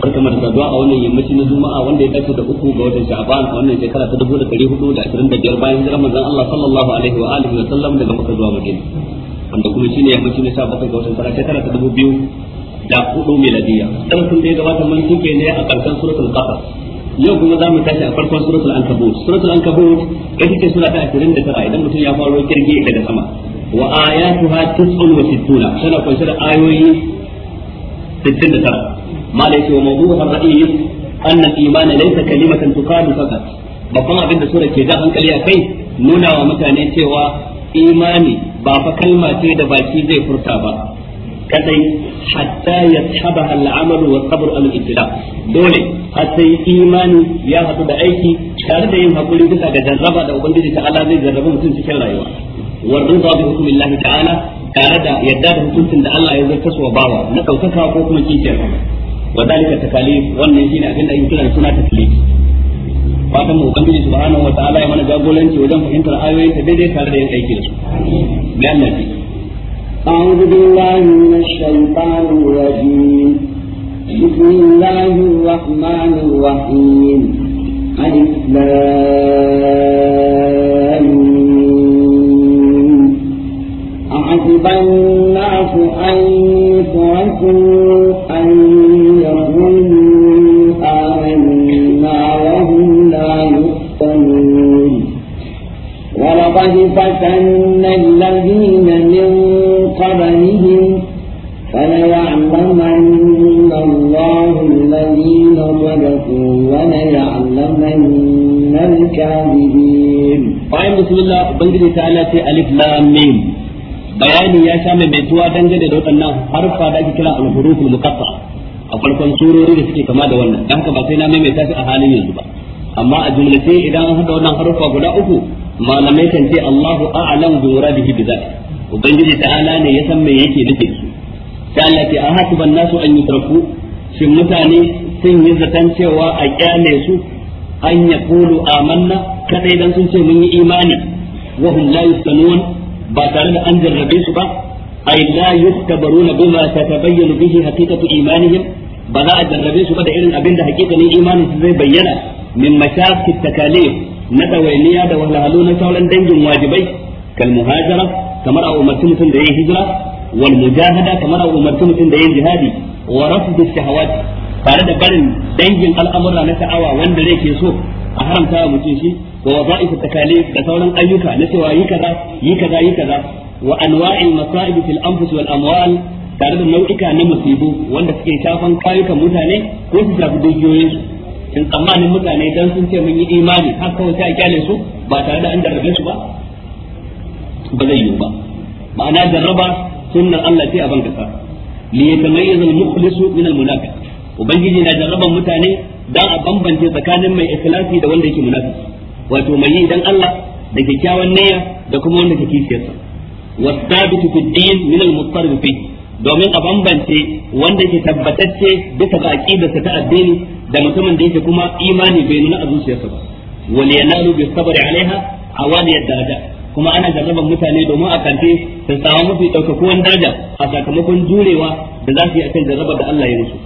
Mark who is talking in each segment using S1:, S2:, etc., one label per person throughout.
S1: barkamu da saduwa a wannan yammaci na juma'a wanda ya dace da uku ga watan sha'ban wannan shekara ta dubu da dari hudu da ashirin da biyar bayan jiran manzon Allah sallallahu alaihi wa alihi wa sallam daga maka zuwa Madina wanda kuma shine yammaci na sha bakwai ga watan tara shekara ta dubu biyu da hudu miladiya dan sun da ya gabata mun tuke ne a karshen suratul qasas yau kuma za mu tashi a farkon suratul ankabut suratul ankabut ita ce sura ta ashirin da tara idan mutum ya faro kirge daga sama wa ayatuha tis'un wa sittuna tana kunshe da ayoyi 69 ما ليس وموضوعها الرئيس أن الإيمان ليس كلمة تقال فقط babban abin da sura ke da hankali a kai nuna wa mutane cewa imani ba fa kalma ce da baki zai furta ba kadai hatta ya taba al'amal wa sabr al dole har sai imani ya hadu da aiki tare da yin hakuri bisa ga jarraba da ubangiji ta Allah zai jarraba mutum cikin rayuwa wa ridha bi hukmillahi ta'ala tare da yadda da hukuncin da Allah ya zartaswa bawa na daukaka ko kuma kiciyar wa dalika takalif wannan shine abin da ake kira suna takalif fatan mu ubangiji subhanahu wa ta'ala ya mana jagoranci wajen fahimtar ayoyin ta daidai tare da yin da
S2: بالله من الشيطان الرجيم بسم الله الرحمن الرحيم أحسب الناس أن يتركوا أن وقد فتن الذين من قبلهم فليعلمن الله الذين صدقوا وليعلمن
S1: الكاذبين قائم بسم الله ta ala ce alif lam mim bayani ya sha mai tuwa dangane da waɗannan harfa da ake kira al-huruf al-muqatta a farkon surori da suke kama da wannan dan haka ba sai na maimaita shi a halin yanzu ba amma a jumlace idan an haɗa wannan harfa guda uku malamai kan ce Allahu a'lam bi muradihi bi zati ubangiji ta'ala ne ya san me yake nufi su sai Allah ce a hasiban nasu an yutraku shin mutane sun yi zaton cewa a kyale su an yaqulu amanna kadai dan sun ce mun yi imani wa hum la yuftanun ba tare da an jarrabe su ba ay la yuftabaruna bima tatabayyanu bihi haqiqatu imanihim ba za a jarrabe su ba da irin abin da hakikanin imanin su zai bayyana min mashaqit takalif na ɗawainiya da wahalhalu na sauran dangin wajibai kal muhajara kamar a umarci mutum da yin hijira wal mujahada kamar a umarci mutum da yin jihadi wa rafdu shahawat tare da barin dangin al'amura na sha'awa wanda zai ke so a haramta wa mutum shi wa waza'ifu takalif da sauran ayyuka na cewa yi kaza yi kaza yi kaza wa anwa'il masa'ib fil anfus wal amwal tare da nau'ika na musibu wanda suke shafan kayukan mutane ko su shafi dukiyoyinsu in tsammanin mutane dan sun ce mun yi imani har kawai sai a kyale su ba tare da an jarrabe su ba ba zai yiwu ba ma'ana jarraba sunnar Allah sai a ban kasa li yatamayyiz al mukhlisu min al munafiq ubangiji na jarraba mutane dan a bambance tsakanin mai ikhlasi da wanda yake munafiki wato mai yi dan Allah da kyakkyawan niyya da kuma wanda ke kishiyarsa wasabitu fi din min al mustarif domin a bambance wanda ke tabbatacce bisa ga aqidarsa ta addini da mutumin da yake kuma imani bai nuna a zuciyarsa ba wal yanalu bi sabri alaiha awali daraja kuma ana jarraban mutane domin a kante su samu mafi daukakuwan daraja a sakamakon jurewa da za su yi akan jarrabar da Allah ya musu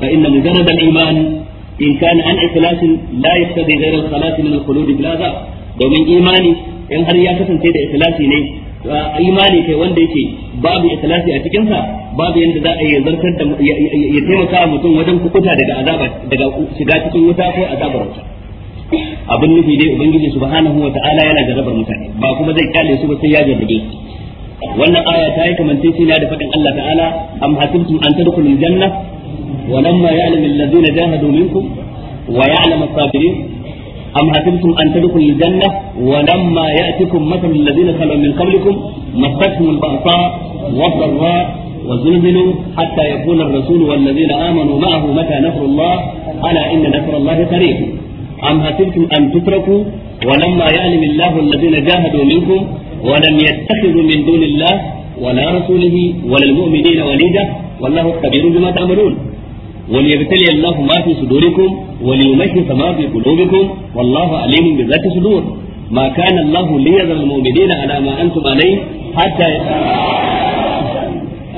S1: fa inna mujarrad al iman in kana an ikhlasin la yaqtadi ghayra al khalas min al khulud bil domin imani in har ya kasance da ikhlasi ne imani kai wanda yake babu ikhlasi a cikin sa babu yanda za a yi zartar da ya taimaka mutum wajen kukuta daga azaba daga shiga cikin wuta ko azabar wuta abin nufi dai ubangiji subhanahu wa ta'ala yana jarabar mutane ba kuma zai kyale su ba sai ya jarrabe wannan aya ta yi kamance shi da faɗin Allah ta'ala am hasibtum an tadkhulul janna wa lamma ya'lamu alladhina jahadu minkum wa ya'lamu as-sabirin أم حسبتم أن تدخلوا الجنة ولما يأتكم مثل الذين خلوا من قبلكم مستهم البأساء والضراء وزلزلوا حتى يقول الرسول والذين آمنوا معه متى نصر الله ألا إن نصر الله قريب أم حسبتم أن تتركوا ولما يعلم الله الذين جاهدوا منكم ولم يتخذوا من دون الله ولا رسوله ولا المؤمنين وليدا والله خبير بما تعملون وليبتلي الله ما في صدوركم وليمحص ما في قلوبكم والله عليم بذات الصدور ما كان الله ليذر المؤمنين على ما انتم عليه حتى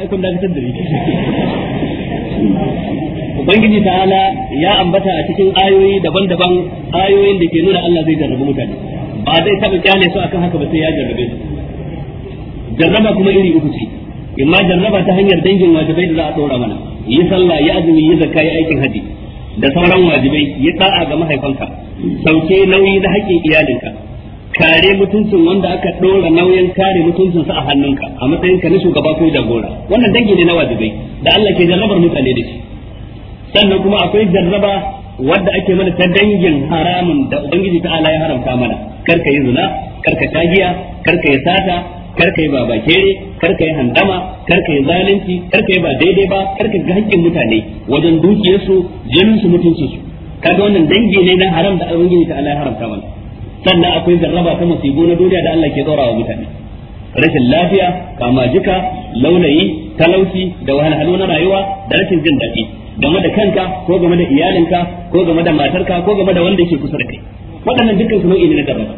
S1: aikun da ka tadiri ubangiji ta'ala ya ambata a cikin ayoyi daban-daban ayoyin da ke nuna Allah zai jarrabe mutane ba zai taɓa kyale su akan haka ba sai ya jarrabe su jarraba kuma iri uku ce imma jarraba ta hanyar dangin wajibai da za a ɗora mana yi sallah ya azumi ya zakka ya aikin haji da sauran wajibai ya sa'a ga mahaifanka sauke nauyi da haƙƙin iyalinka kare mutuncin wanda aka ɗora nauyin kare mutuncin mutuncinsa a hannunka a matsayinka na shugaba ko jagora wannan dangi ne na wajibai da Allah ke jarrabar mutane da shi sannan kuma akwai jarraba wadda ake mana ta dangin haramun da ubangiji ta ala ya haramta mana karka yi zina karka tagiya karka yi sata karka yi babakere kar ka yi handama kar ka yi zalunci karka yi ba daidai ba karka ka ga hakkin mutane wajen dukiyarsu jinin su mutunci su kaga wannan dangi ne na haram da ubangiji ta Allah ya haramta mana sannan akwai jarraba ta musibo na duniya da Allah ke daurawa mutane rashin lafiya kama jika launayi, talauci da wahalhalu na rayuwa da rashin jin daɗi game da kanka ko game da iyalinka ko game da matarka ko game da wanda yake kusa da kai waɗannan dukkan su nau'i ne na jarraba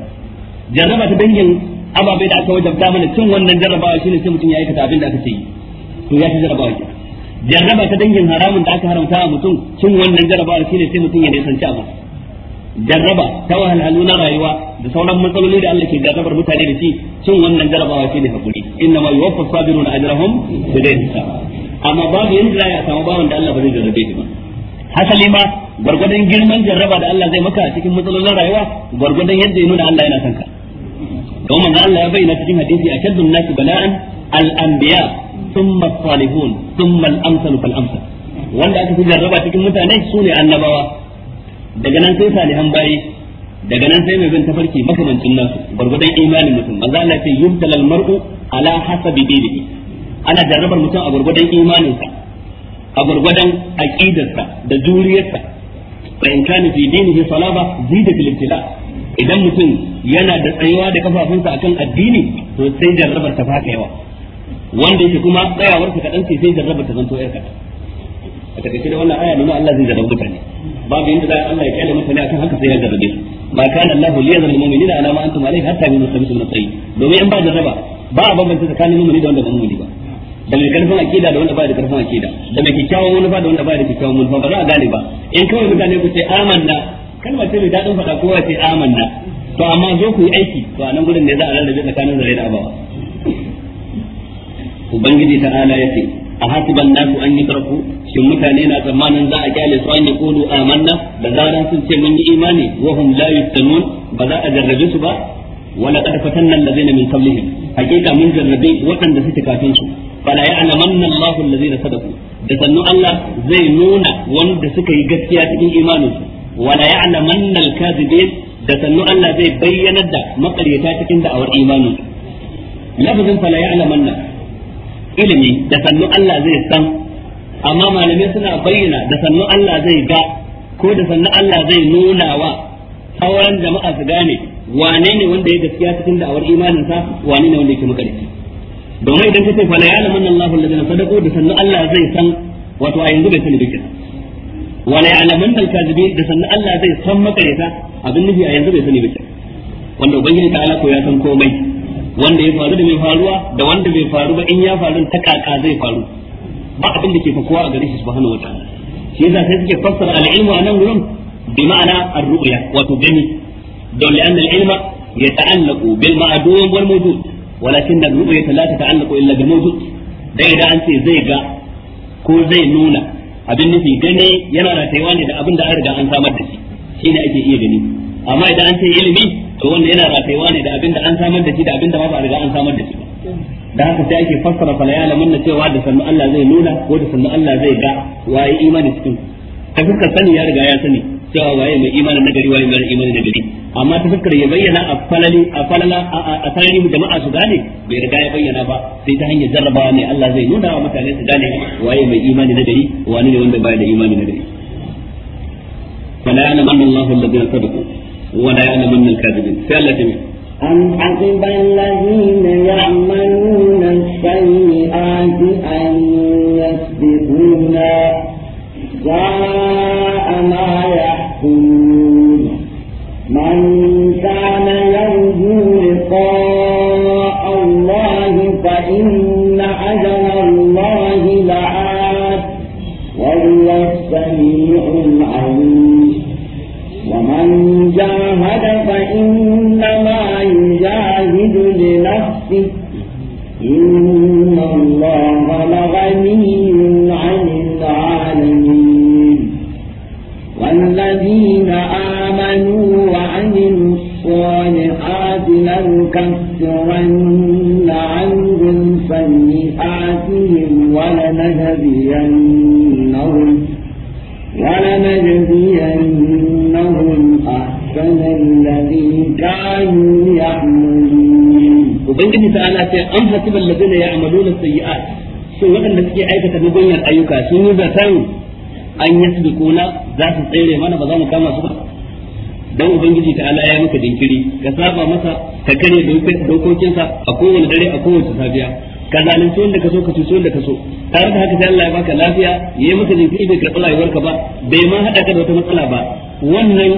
S1: jarraba ta dangin ababai da aka wajabta mana cin wannan jarrabawa shine sai mutum ya aikata abin da aka ce to ya ci jarrabawa ke jarraba ta dangin haramun da aka haramta wa mutum cin wannan jarrabawa shine sai mutum ya nisanci abu jarraba ta wahalhalu na rayuwa da sauran matsaloli da Allah ke jarrabar mutane da shi cin wannan jarrabawa shine hakuri inna ma yuwaffas sabiruna ajrahum bighairi hisab amma babu yanda za a samu bawan da Allah ba zai jarrabe shi ba hasali ma gwargwadon girman jarraba da Allah zai maka cikin matsalolin rayuwa gwargwadon yadda ya nuna Allah yana son ka don manzo Allah ya bayyana cikin hadisi ashaddun nas bala'an al-anbiya thumma as-salihun thumma al-amsal fal-amsal wanda aka fi jarraba cikin mutane su ne annabawa daga nan sai salihan bayi daga nan sai mai bin tafarki makamancin nasu gurgudan imanin mutum manzo Allah ya ce yubtalal mar'u ala hasabi dinihi ana jarrabar mutum a gurgudan imaninsa a gurgudan aqidarsa da juriyarsa fa in kana fi dinihi salaba zida fil ibtila idan mutum yana da tsayuwa da kafafunsa akan addini to sai jarrabar ta faka yawa wanda yake kuma tsayawar ta kadan sai sai jarrabar ta zanto yar a takaice da wannan aya nuna Allah zai jarrabu mutane babu inda za Allah ya kyale mutane akan haka sai ya jarrabe su ma kana Allah liyazal mu'minina ala ma antum alayhi hatta min sabitul muttaqin domin in ba jarraba ba a bambanta tsakanin mu'mini da wanda ba mu'mini ba da mai karfin akida da wanda ba da karfin akida da mai kyakkyawan manufa da wanda ba da kyakkyawan manufa ba za a gane ba in kawai mutane ku ce amanna kalmar ce mai daɗin faɗa kowa ce amanna to amma zo ku yi aiki to a nan gudun ne za a rarrabe tsakanin zare da abawa ubangiji ta ala ya ce a hasiban nasu an yi tarku shin mutane na tsammanin za a kyale su an yi kudu amanna da zaran sun ce mun yi imani wa hum la yuftanun ba za a jarrabe su ba wala qad fatanna allazina min qablihim hakika mun jarrabe waɗanda suke kafin su fala ya'lamanna allahu allazina sadaqu da sannu allah zai nuna wanda suka yi gaskiya cikin imaninsu wala ya'lamanna al-kadhibin da sannu Allah zai bayyanar da makaryata cikin da'awar imanin lafazin fala ya'lamanna ilimi da sannu Allah zai san amma malamai suna bayyana da sannu Allah zai ga ko da sannu Allah zai nuna wa sauran jama'a su gane wane ne wanda ya gaskiya cikin da'awar imanin sa wane ne wanda yake makarci domin idan kace fala ya ya'lamanna Allahu alladhina sadaqu da sannu Allah zai san wato a yanzu bai sani duka wala ya'lamun dal kadibin da sannan Allah zai san makareta abin nufi a yanzu bai sani ba wanda ubangiji ta ala ko ya san komai wanda ya faru da mai faruwa da wanda bai faru ba in ya faru ta kaka zai faru ba abin da ke fakuwa a gare shi subhanahu wataala shi yasa sai suke fassara al-ilmu anan gurin bi ma'ana ar-ru'ya wato gani don li'anna al-ilma yata'allaqu bil ma'dum wal mawjud walakin ar-ru'ya la tata'allaqu illa bil mawjud dai da an ce zai ga ko zai nuna abin nufi ne yana da taiwa ne da abin da an riga an samar da shi Shi ne ake iya gani amma idan an ce ilimi to wanda yana da taiwa ne da abin da an samar da shi da abin da ma ba a riga an samar da shi ba da haka sai ake fassara fala ya lamunna cewa da sannu Allah zai nuna ko da sannu Allah zai ga waye imani cikin ka kuka sani ya riga ya sani cewa waye mai imanin gari waye mai imanin gari amma ta fuskar ya bayyana a falali a falala a mu jama'a su gane bai riga ya bayyana ba sai ta hanyar jarrabawa ne Allah zai nuna wa mutane su gane waye mai imani gari wani ne wanda baya da imani nagari فلا يعلمن الله الذين صدقوا ولا يعلمن الكاذبين سألتم
S2: أم حسب الذين يعملون السيئات أن يسبقونا من لنكفرن عنهم سيئاتهم ولنجزينهم ولنجزينهم أحسن الذي
S1: كانوا يعملون وبنجد تعالى أم حسب الذين يعملون السيئات shin waɗanda suke aikata mugunyar ayyuka sun yi zaton an yi su za su tsere mana ba za mu kama su ba dan ubangiji ta ala ya maka jinkiri ka saba masa ka kare dokokinsa a kowane dare a kowace safiya ka zalunci wanda ka so ka ci wanda ka so tare da haka sai Allah ya baka lafiya ya yi maka jinkiri bai karɓi rayuwarka ba bai ma haɗa ka da wata matsala ba wannan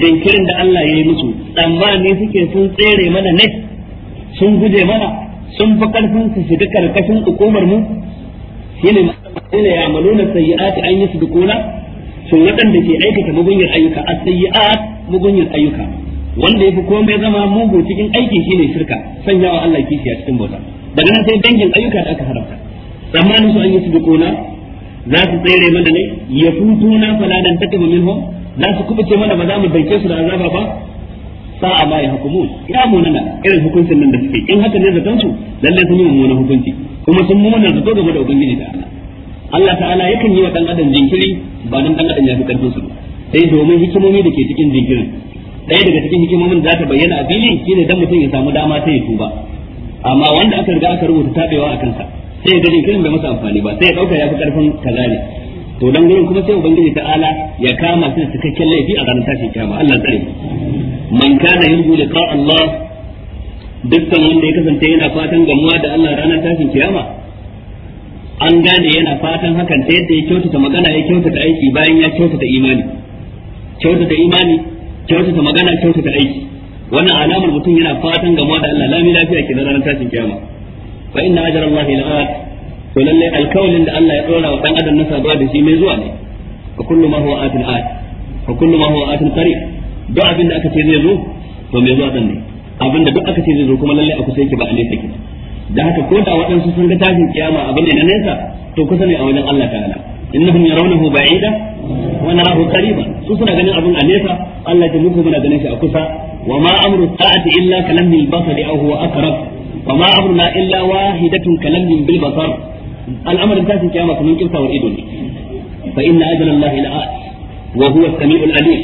S1: jinkirin da Allah ya yi musu tsammani suke sun tsere mana ne sun guje mana sun fi karfin su shiga karkashin hukumar mu shine ne ya amaluna sayyi'ati an yi su dukuna sun waɗanda ke aikata mugunyar ayyuka a sayyiat mugunyin ayyuka wanda ya fi komai zama mugu cikin aikin shine shirka sanya wa Allah kishiya cikin bauta daga nan sai dangin ayyuka da aka haramta tsammanin su an yi kona za su tsere mana ne ya na fala dan takamu minhum za su kubuce mana ba za mu danke su da azaba ba a ma ya hukumun ya na irin hukuncin nan da suke in haka ne zaton su lalle sun yi mummunan hukunci kuma sun mummunan zato game da ubangiji da Allah Allah ta'ala yakan yi wa dan adam jinkiri ba dan adam ya fi karfin su sai domin hikimomi da ke cikin jinkirin ɗaya daga cikin hikimomin da za ta bayyana a fili shine dan mutum ya samu dama ta ya tuba amma wanda aka riga aka rubuta tabewa a kansa sai ya ga jinkirin bai masa amfani ba sai ya dauka ya fi karfin kaza ne to dan gurin kuma sai ubangiji ta'ala ya kama su da cikakken laifi a ranar tashin kiyama Allah tsare man kana yarju liqa Allah dukkan wanda ya kasance yana fatan gamuwa da Allah ranar tashin kiyama an gane yana fatan hakan ta yadda ya kyautata magana ya kyautata aiki bayan ya kyautata imani kyautata imani kyautata magana kyautata aiki wannan alamar mutum yana fatan gama da Allah lami lafiya ke ranar tashin kiyama fa inna ajra Allah la'at to lalle alkawlin da Allah ya dora wa dan adam na sabuwa da shi mai zuwa ne fa kullu ma huwa atin at fa kullu ma huwa atin qarib duk abin da aka ce zai zo to mai zuwa ne abin da duk aka ce zai zo kuma lalle a kusa yake ba a nesa yake da haka ko da waɗansu sun ga tashin kiyama abin da na nesa to kusa ne a wajen Allah ta'ala innahum yarawnahu ba'ida Wani narahu qariba su suna ganin abin a nesa Allah ta muku muna ganin shi a kusa wa ma amru sa'ati illa kalamil basari aw huwa aqrab wa ma amruna illa wahidatun kalamil bil basar al'amarin tashin kiyama kuma kin sawar ido ne fa inna ajala Allah la'at wa huwa as-sami'ul alim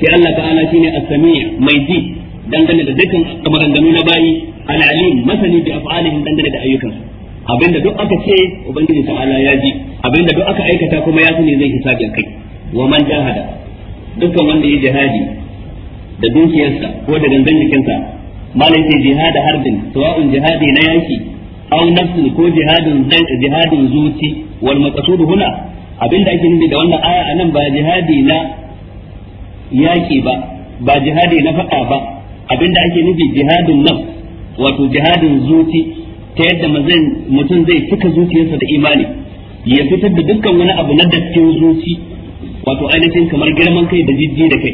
S1: sai Allah ta'ala shine as-sami' mai ji dangane da dukkan kamaranganu na bayi al-alim masani bi af'alihim dangane da ayyukansu abinda duk aka ce ubangiji ta'ala ya ji abinda duk aka aikata kuma ya sani zai hisabi kai wa man jahada dukkan wanda ya jihadi da dukiyarsa ko da gangan jikinsa malai sai jihada harbin sawa'un jihadi na yaki aw nafsin ko jihadin jihadin zuci wal maqsud huna abinda ake nufi da wannan aya anan ba jihadi na yaki ba ba jihadi na faɗa ba abinda ake nufi jihadin nafs wato jihadin zuci ta yadda mutum zai cika zuciyarsa da imani ya fitar da dukkan wani abu na dattin zuci wato ainihin kamar girman kai da jijji da kai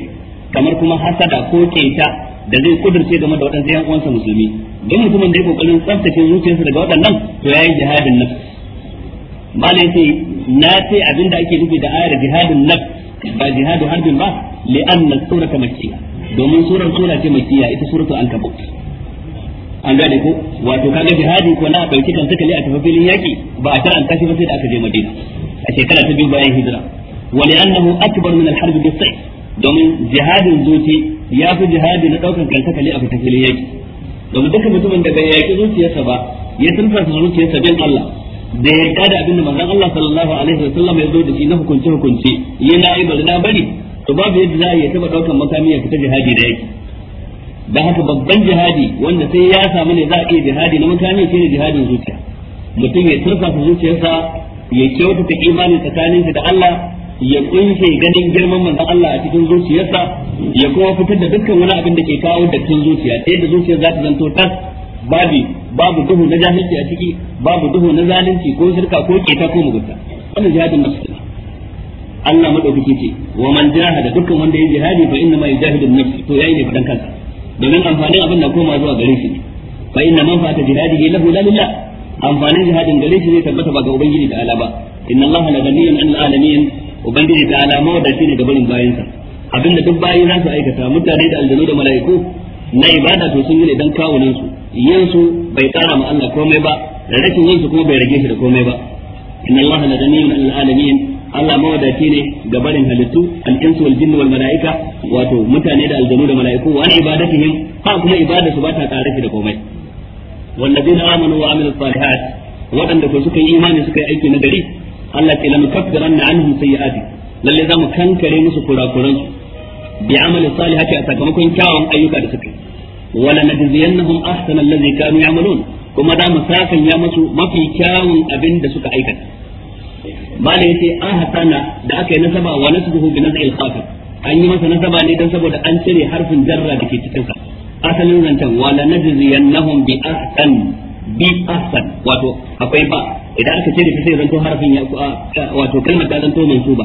S1: kamar kuma hasada ko kenta da zai kudurce game da waɗansu yan uwansa musulmi don mutumin da ya kokarin tsaftace zuciyarsa daga waɗannan to yayi jihadin nafs malai sai na ce abinda ake nufi da ayar jihadin nafs ba jihadu harbin ba li'anna surata makkiya domin surar sura ce makkiya ita suratu ankabut an gane ko wato kaga jihadi ko na dauki kan takali a tafafilin yaki ba a taranta shi ba sai da aka je madina a shekara ta biyu bayan hijira ولأنه أكبر من الحرب بالسيف domin jihadin zuci ya fi jihadi na ɗaukar kantakali a fitafilen yaki domin duka mutumin da bai yaki zuciyarsa ba ya tuntar zuciyarsa bin Allah da ya da abin da manzon Allah sallallahu alaihi wasallam ya zo da shi na hukunci-hukunci. yana yi bari na bari to babu yadda za a iya taɓa ɗaukar makami ya fita jihadi da yake. Da haka babban jihadi wanda sai ya samu ne za a iya jihadi na makami shine jihadin zuciya mutum ya turfa zuciyarsa ya kyautata imanin tsakaninsa da Allah ya kunce ganin girman manzon Allah a cikin zuciyarsa ya kuma fitar da dukkan wani abin da ke kawo dattin zuciya sai da zuciyar za ta zanto tas babi babu duhu na jahilci a ciki babu duhu na zalunci ko shirka ko keta ko mugunta wannan jihadin nafsi Allah madaukaki ce wa man jahada dukkan wanda ya jihadi fa inna ma yajahidu nafsi to yayi ne fadan kansa domin amfanin abin da koma zuwa gare shi fa inna man fata jihadi lahu la lillah amfanin jihadin gare shi zai tabbata ba ga ubangiji da ala ba inna allaha la ghaniyyun 'anil alamin ubangiji ta alama da shi ne barin bayansa abinda duk bayi za su aikata mutane da aljanu da mala'iku na ibada to sun yi ne dan kawunan su yin bai tsara ma Allah komai ba da rashin yin su kuma bai rage shi da komai ba inna Allah la ganiyun lil alamin Allah mawadaci ne ga barin halittu al-insu wal jinni wal malaika wato mutane da aljanu da mala'iku wa ibadatihim ba kuma ibada su ba ta tsara shi da komai wallazina amanu wa amilu salihat waɗanda ko suka yi imani suka yi aiki na gari Allah ke lamu kaffiran na anhum sayyi'ati lalle zamu kankare musu kurakuran su bi amali salihati a sakamakon kyawun ayyuka da suka yi wala najziyannahum ahsana allazi kanu ya'malun kuma za mu sakan ya musu mafi kyawun abin da suka aikata malai yace ahsana da aka yi nasaba wa nasbuhu bi nasa khafif an yi masa nasaba ne dan saboda an cire harfin jarra da ke cikin sa asalin zancen wala najziyannahum bi ahsan bi ahsan wato akwai ba idan aka ce da sai zanto harafin ya wato kalmar ta zanto mansuba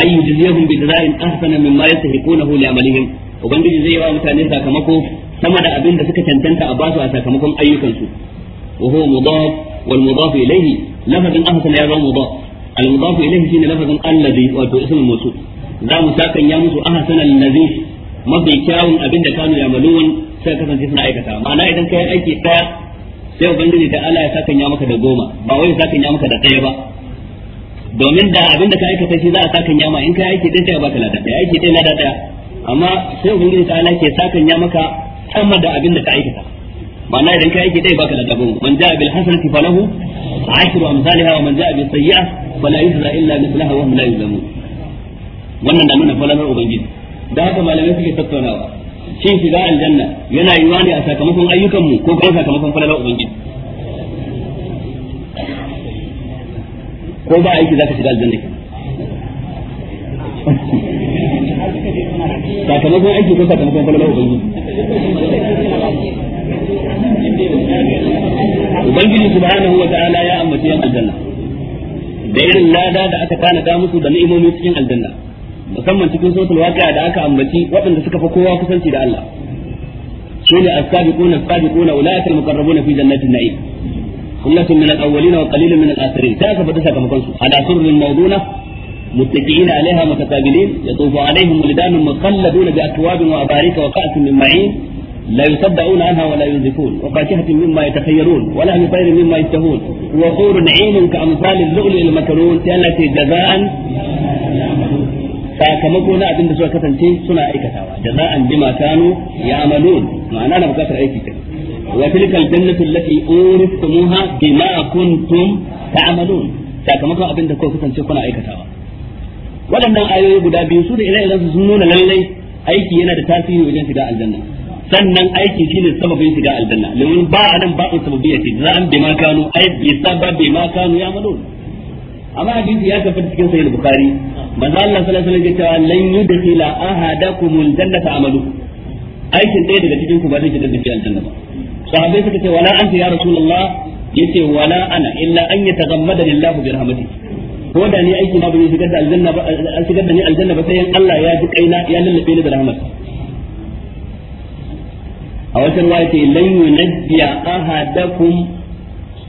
S1: ay yujziyahum bi jazain ahsana mimma yastahiqunahu li amalihim ubangiji zai yi wa mutane sakamako sama da abin da suka tantanta a basu a sakamakon ayyukansu wa huwa mudaf wal mudaf ilayhi lafazin ahsana ya zama mudaf al mudaf ilayhi shine lafazin alladhi wato ismul mawsul za mu sakan ya musu ahsana alladhi mafi kyawun abin da kanu ya maluwan sai kasance suna aikata ma'ana idan kai aiki daya sai ubangiji ta Allah ya saka ya maka da goma ba wai saka nya maka da ɗaya ba domin da abinda ka aikata shi za a saka nya ma in ka aiki dai sai ba ka lada aiki dai lada dada amma sai ubangiji ta Allah ke saka nya maka sama da abinda ka aikata ma'ana idan ka aiki dai ba ka lada goma man ja'a bil hasanati falahu ashru amsalha wa man ja'a bis sayyi'a fala yujza illa mithlaha wa hum la yuzlamun wannan na nuna falalar ubangiji da haka malamai suke tattaunawa shin shiga aljanna yana yiwa ne a sakamakon ayyukanmu ko kuma sakamakon falalar ubangiji ko ba aiki zaka shiga aljanna
S3: sakamakon aiki
S1: ko sakamakon falalar ubangiji
S3: ubangiji subhanahu
S1: wa ta'ala ya ambaci yan aljanna da irin lada da aka tana ga musu da ni'imomi cikin aljanna musamman cikin suratul waqi'a da aka ambaci waɗanda suka fa kowa kusanci da Allah ne as-sabiquna as-sabiquna ulaika muqarrabuna fi jannatin na'im kullatu min al-awwalin wa qalilun min al-akhirin ta ka bada sakamakon su ala surrin mawduna muttaqina alaiha mutaqabilin متكئين عليها متقابلين يطوف عليهم ولدان مخلدون بأكواب وأباريك وكأس من معين لا يصدعون عنها ولا ينزفون وفاكهة مما يتخيرون ولا من طير مما يشتهون وحور عين كأمثال اللؤلؤ المكنون التي جزاء sakamako na abin da suka kasance suna aikatawa Da za an bima kanu ya ya'malun ma'ana na bukatar aiki kenan wa tilkal jannatu allati uristumuha bima kuntum ta'malun sakamakon abin da kuka kasance kuna aikatawa waɗannan ayoyi guda biyu su da ire-iren su sun nuna lallai aiki yana da tasiri wajen shiga aljanna sannan aiki shine sababin shiga aljanna domin ba anan ba'u sababiyya za an bima kanu ay bi sababi ma kanu ya ya'malun amma hadisi ya tabbata cikin sahih bukhari manzo Allah sallallahu alaihi wasallam ya ce lan yudkhila jannata amalu aikin daga cikin ku ba zai shiga cikin aljanna ba sahabbai suka ce wala anta ya rasulullah yace wala ana illa an bi ko da ni aiki na ba zai da aljanna ba an da ni aljanna ba sai Allah ya ji kaina ya lallabe ni da rahmat a wata ce lan yunajjiya ahadakum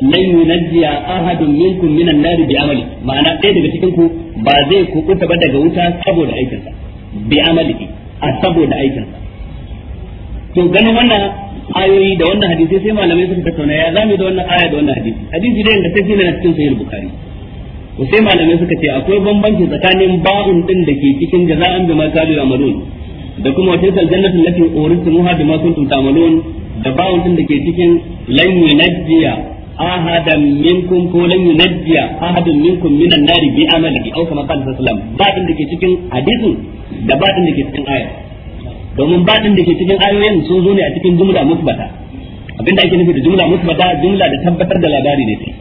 S1: lan yunajjiya ahadun minkum minan nari bi amali ma'ana ɗaya daga cikin ku ba zai kuta ba daga wuta saboda aikin sa, bi amali a saboda aikin sa. to ganin wannan ayoyi da wannan hadisi sai malamai suka tattauna ya zamu da wannan aya da wannan hadisi hadisi dai da tafi na cikin sahih bukhari to sai malamai suka ce akwai bambanci tsakanin ba'un din da ke cikin jaza'an bima kalu yamalun da kuma wata sal jannatin lati uristumuha bima kuntum ta'malun da ba'un din da ke cikin lan yunajjiya ahadan minkum ko lan yunajjiya ahadun minkum minan nari bi amalihi aw kama qala sallallahu alaihi da ke cikin hadisin da batin da ke cikin aya domin batin da ke cikin ayoyin sun zo ne a cikin jumla musbata abinda ake nufi da jumla musbata jumla da tabbatar da labari ne sai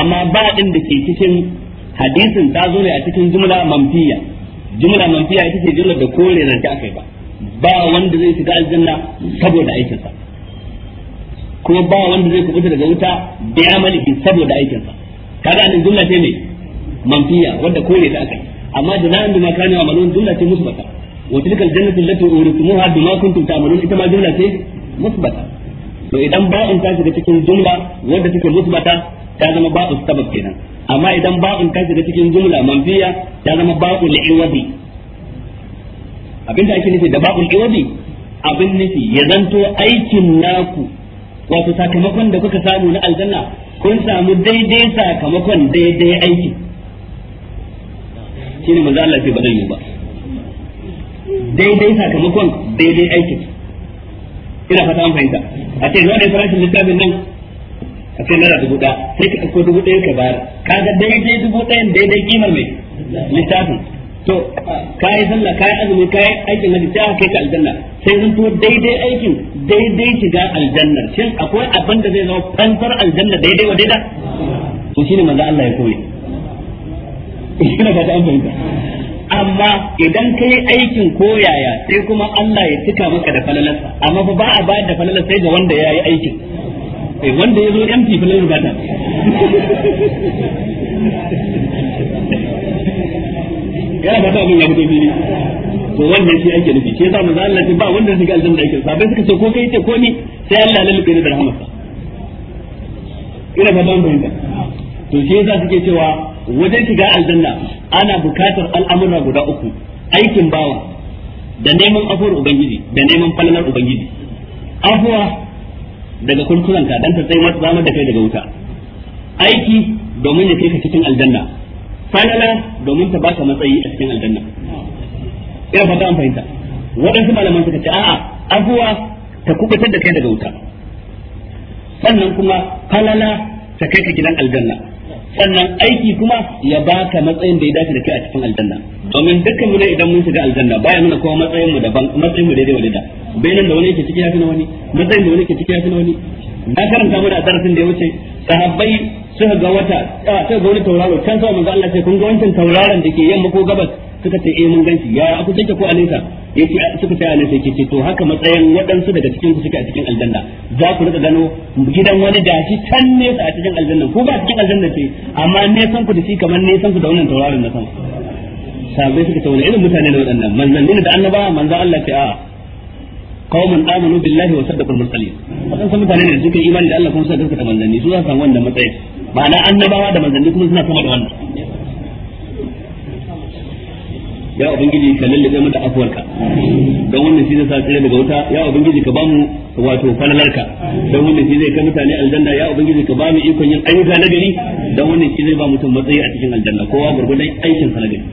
S1: amma batin da ke cikin hadisin ta zo ne a cikin jumla mamfiya jumla mamfiya ita ce jumla da kore nan ta akai ba ba wanda zai shiga aljanna saboda aikinsa kuma ba wanda zai kubuta daga wuta bi amalihi saboda aikin sa kaga anan jumla ce ne manfiya wanda kore ta aka amma da bima kanu amalun jumla ce musbata wa tilkal jannatu allati uritumuha bima kuntum ta'malun ita ma jumla ce musbata to idan ba in ta shiga cikin jumla wanda take musbata ta zama su sabab kenan amma idan ba in ta shiga cikin jumla manfiya ta zama ba'u li'wadi abinda ake nufi da ba'u li'wadi abin nufi ya zanto aikin naku wato sakamakon da kuka samu na aljanna kun samu daidai sakamakon daidai aiki shine manzo Allah sai badal mu ba daidai sakamakon daidai aikin ina fata an fahimta a ce nawa ne farashin littafin nan a ce naira dubu ɗaya sai ka ɗauko dubu ɗaya ka bayar kaga daidai dubu ɗayan daidai kimar mai littafin to kai sallah kai azumi kai aikin haji sai aka kai ka aljanna sai zan to daidai aikin daidai shiga aljanna shin akwai abin da zai zama fansar aljanna daidai wa daida to shine manzo Allah ya koyi ina fata an fahimta amma idan ka yi aikin koyaya sai kuma Allah ya cika maka da falalarsa amma fa ba a ba da falalar sai ga wanda ya yi aikin eh, wanda ya zo MP falalar ba ta yana fata abin ya fito fili to wannan shi ake nufi Ke sa manzo Allah ce ba wanda shiga aljanna yake sabai suka ce ko kai ce ko ni sai Allah ya lalufe ni da rahmatsa ina fata an fahimta to ke sa suke cewa wajen shiga aljanna ana bukatar al'amura guda uku aikin bawa da neman afuwar ubangiji da neman falalar ubangiji afuwa daga kurkuranka dan ta tsaye masu zama da kai daga wuta aiki domin ya kai ka cikin aljanna falala domin ta baka matsayi a cikin aljanna ina fata an fahimta waɗansu malaman suka ce a'a abuwa ta kubutar da kai daga wuta sannan kuma falala ta kai ka gidan aljanna sannan aiki kuma ya baka matsayin da ya dace da kai a cikin aljanna domin dukkan mu ne idan mun shiga aljanna baya nuna kowa matsayin mu daban matsayin mu daidai wa daidai. bayan da wani yake ciki ya fi na wani matsayin da wani yake ciki ya fi na wani na karanta mu da darasin da ya wuce sahabbai suka ga wata suka ga wani tauraro can sama manzo Allah sai kun ga wancan tauraron da ke yamma ko gabas suka ce eh mun ganci ya aku take ko alinsa yace suka ce alinsa ce, to haka matsayin waɗansu daga cikin ku suke a cikin aljanna za ku rika gano gidan wani da shi can nesa a cikin aljanna ko ba cikin aljanna ce amma san ku da shi kamar san ku da wannan tauraron na sama sahabbai suka ce wani irin mutane ne waɗannan manzanni da annabawa manzo Allah ce a'a qaumun amanu billahi wa saddaqul mursalin Wasan kuma mutane ne suka imani da Allah kuma suka gaskata manzanni su za su samu wannan matsayi ma'ana annabawa da manzanni kuma suna sama da wannan ya ubangiji ka lallabe mata afuwarka don wannan shi zai sa tsire daga wuta ya ubangiji ka bamu wato falalarka don wannan shi zai kai mutane aljanna ya ubangiji ka bamu ikon yin ayyuka na gari don wannan shi zai ba mutum matsayi a cikin aljanna kowa gurgudan aikin sa na gari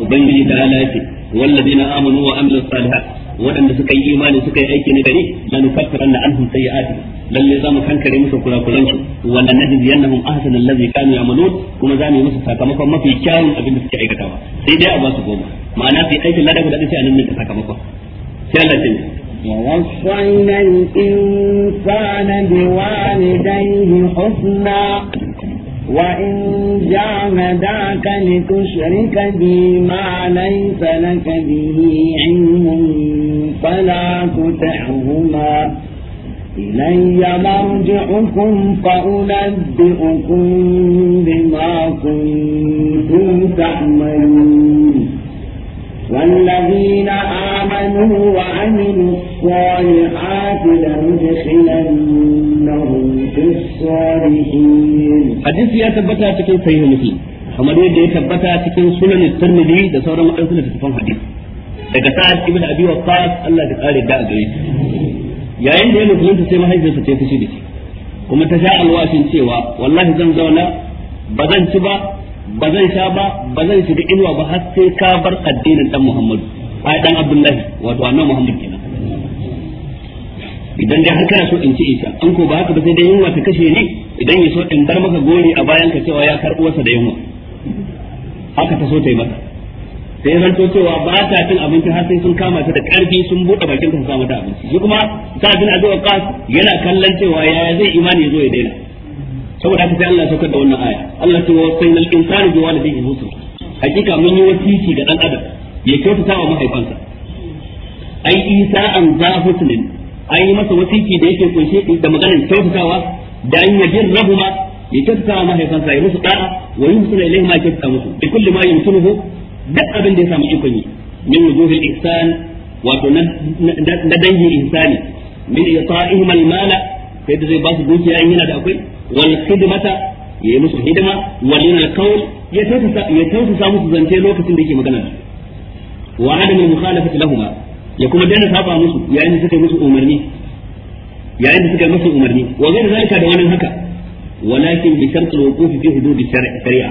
S1: ubangiji ta ala yace والذين آمنوا وعملوا الصالحات waɗanda suka yi imani suka yi aiki na gari la nukaffiran na anhum sayyi'ati lalle za mu kankare musu kurakuran su wa la najziyannahum ahsana allazi kanu ya'malun kuma za mu yi musu sakamakon mafi kyawun abin da suke aikatawa sai dai a ba su goma ma'ana sai aikin ladan guda sai a nan da sakamakon sai Allah ya
S2: ووصينا الإنسان بوالديه حسنا وإن جعمداك لتشرك بي ما ليس لك به علم فلا تطعهما إلي مرجعكم فأنبئكم بما كنتم تعملون والذين آمنوا وعملوا الصالحات لندخلنهم في الصالحين
S1: hadisi ya tabbata cikin sahih muslim kamar yadda ya tabbata cikin sunan tirmidhi da sauran wadansu littattafan hadisi daga sa'ad ibn abi waqqas Allah ya kare da gare shi yayin da ya musulunta sai mahaifiyarsa ta fushi da shi kuma ta sha alwashin cewa wallahi zan zauna ba zan ci ba ba zan sha ba ba zan shiga inuwa ba har sai ka bar addinin dan Muhammad ai dan Abdullahi wato annabi Muhammad kenan idan dai har kana so in ci isa an ko ba haka ba sai dai yunwa ta kashe ne idan ya so in bar maka gori a bayan ka cewa ya karɓo wasa da yunwa haka ta so ta yi mata sai ya zanto cewa ba ta cin abinci har sai sun kama ta da ƙarfi sun buɗe bakin ta samu ta abinci shi kuma jin a zuwa kas yana kallon cewa yaya zai imani ya zo ya daina saboda haka sai Allah ya saukar da wannan aya Allah ce wa sayyidul insani bi walidayhi musu. hakika mun yi wasiki ga dan adam ya kyautata wa mahaifansa ai isa an za husnin an yi masa wasiki da yake kunshe da maganar kyautatawa da an yajirrahuma ya kyautata wa mahaifansa ya musu da'a wa yuhsinu ilayhima ya kyautata musu bi kulli ma yumkinuhu duk abin da ya samu ikon yi min wujuhil ihsan wato na dangin ihsani min ita'ihim al-mala sai da zai ba su dukiya in yana da akwai wal khidmata ya yi musu hidima wal qawl ya tausa ya tausa musu zance lokacin da yake magana wa adam al-mukhalafati lahumma ya kuma daina saba musu yayin da suka musu umarni yayin da suka yi masa umarni wa zai zalika da wannan haka walakin bi shartil wuquf fi hudud shari'a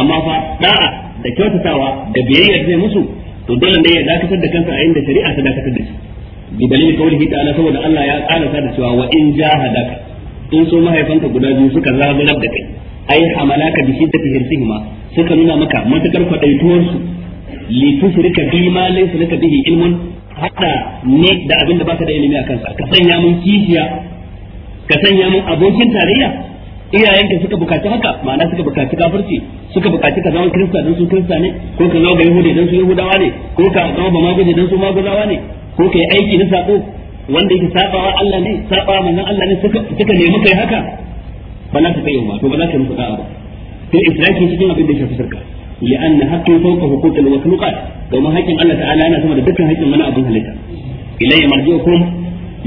S1: amma fa da'a da kyautatawa da biyayya zai musu to dole ne ya dakatar da kansa a inda shari'a ta dakatar da shi bi dalilin kawai ta'ala saboda Allah ya karasa da cewa wa in jahadaka in so mahaifanka guda biyu suka zaburar da kai ai hamalaka bi shiddati hirsihima suka nuna maka matakar kwadaituwar su li tusrika bi ma laysa laka bihi ilmun hada ne da abin da baka da ilimi a kansa ka sanya mun kishiya ka sanya mun abokin tarayya iyayenka suka bukaci haka ma'ana suka bukaci kafirci suka bukaci ka zama kirista dan su kirista ne ko ka zama yahudi dan su yahudawa ne ko ka zama ba maguji dan su maguzawa ne ko ka yi aiki na sako wanda yake sabawa Allah ne sabawa manzon Allah ne suka suka nemi kai haka ba na ka kai ma to ba za ka musu da'a ba to israki cikin abin da ya shafi shirka لأن حقه فوق حقوق المخلوقات دوما حقن الله تعالى أنا سمع دكا حقن من أبو هلتا إلي مرجعكم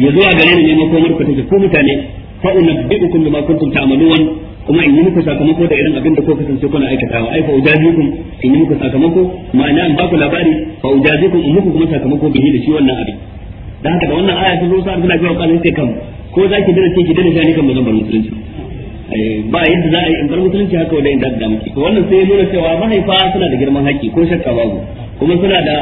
S1: يزوى غرينا من يكون مركة تكون تاني فأنبئكم بما كنتم تعملون kuma in yi sakamako da irin abin da ko kasance kuna aikatawa ai fa ujazikum in yi muku sakamako ma'ana in baku labari fa ujazikum in muku kuma sakamako bihi da shi wannan abin dan haka da wannan aya ta zo sa'an suna cewa kana sai kan ko zaki dana ce ki dana gani kan mazan musulunci Eh, ba yadda za a yi in bar musulunci haka wanda in da muke to wannan sai nuna cewa mahaifa suna da girman haƙƙi ko shakka babu kuma suna da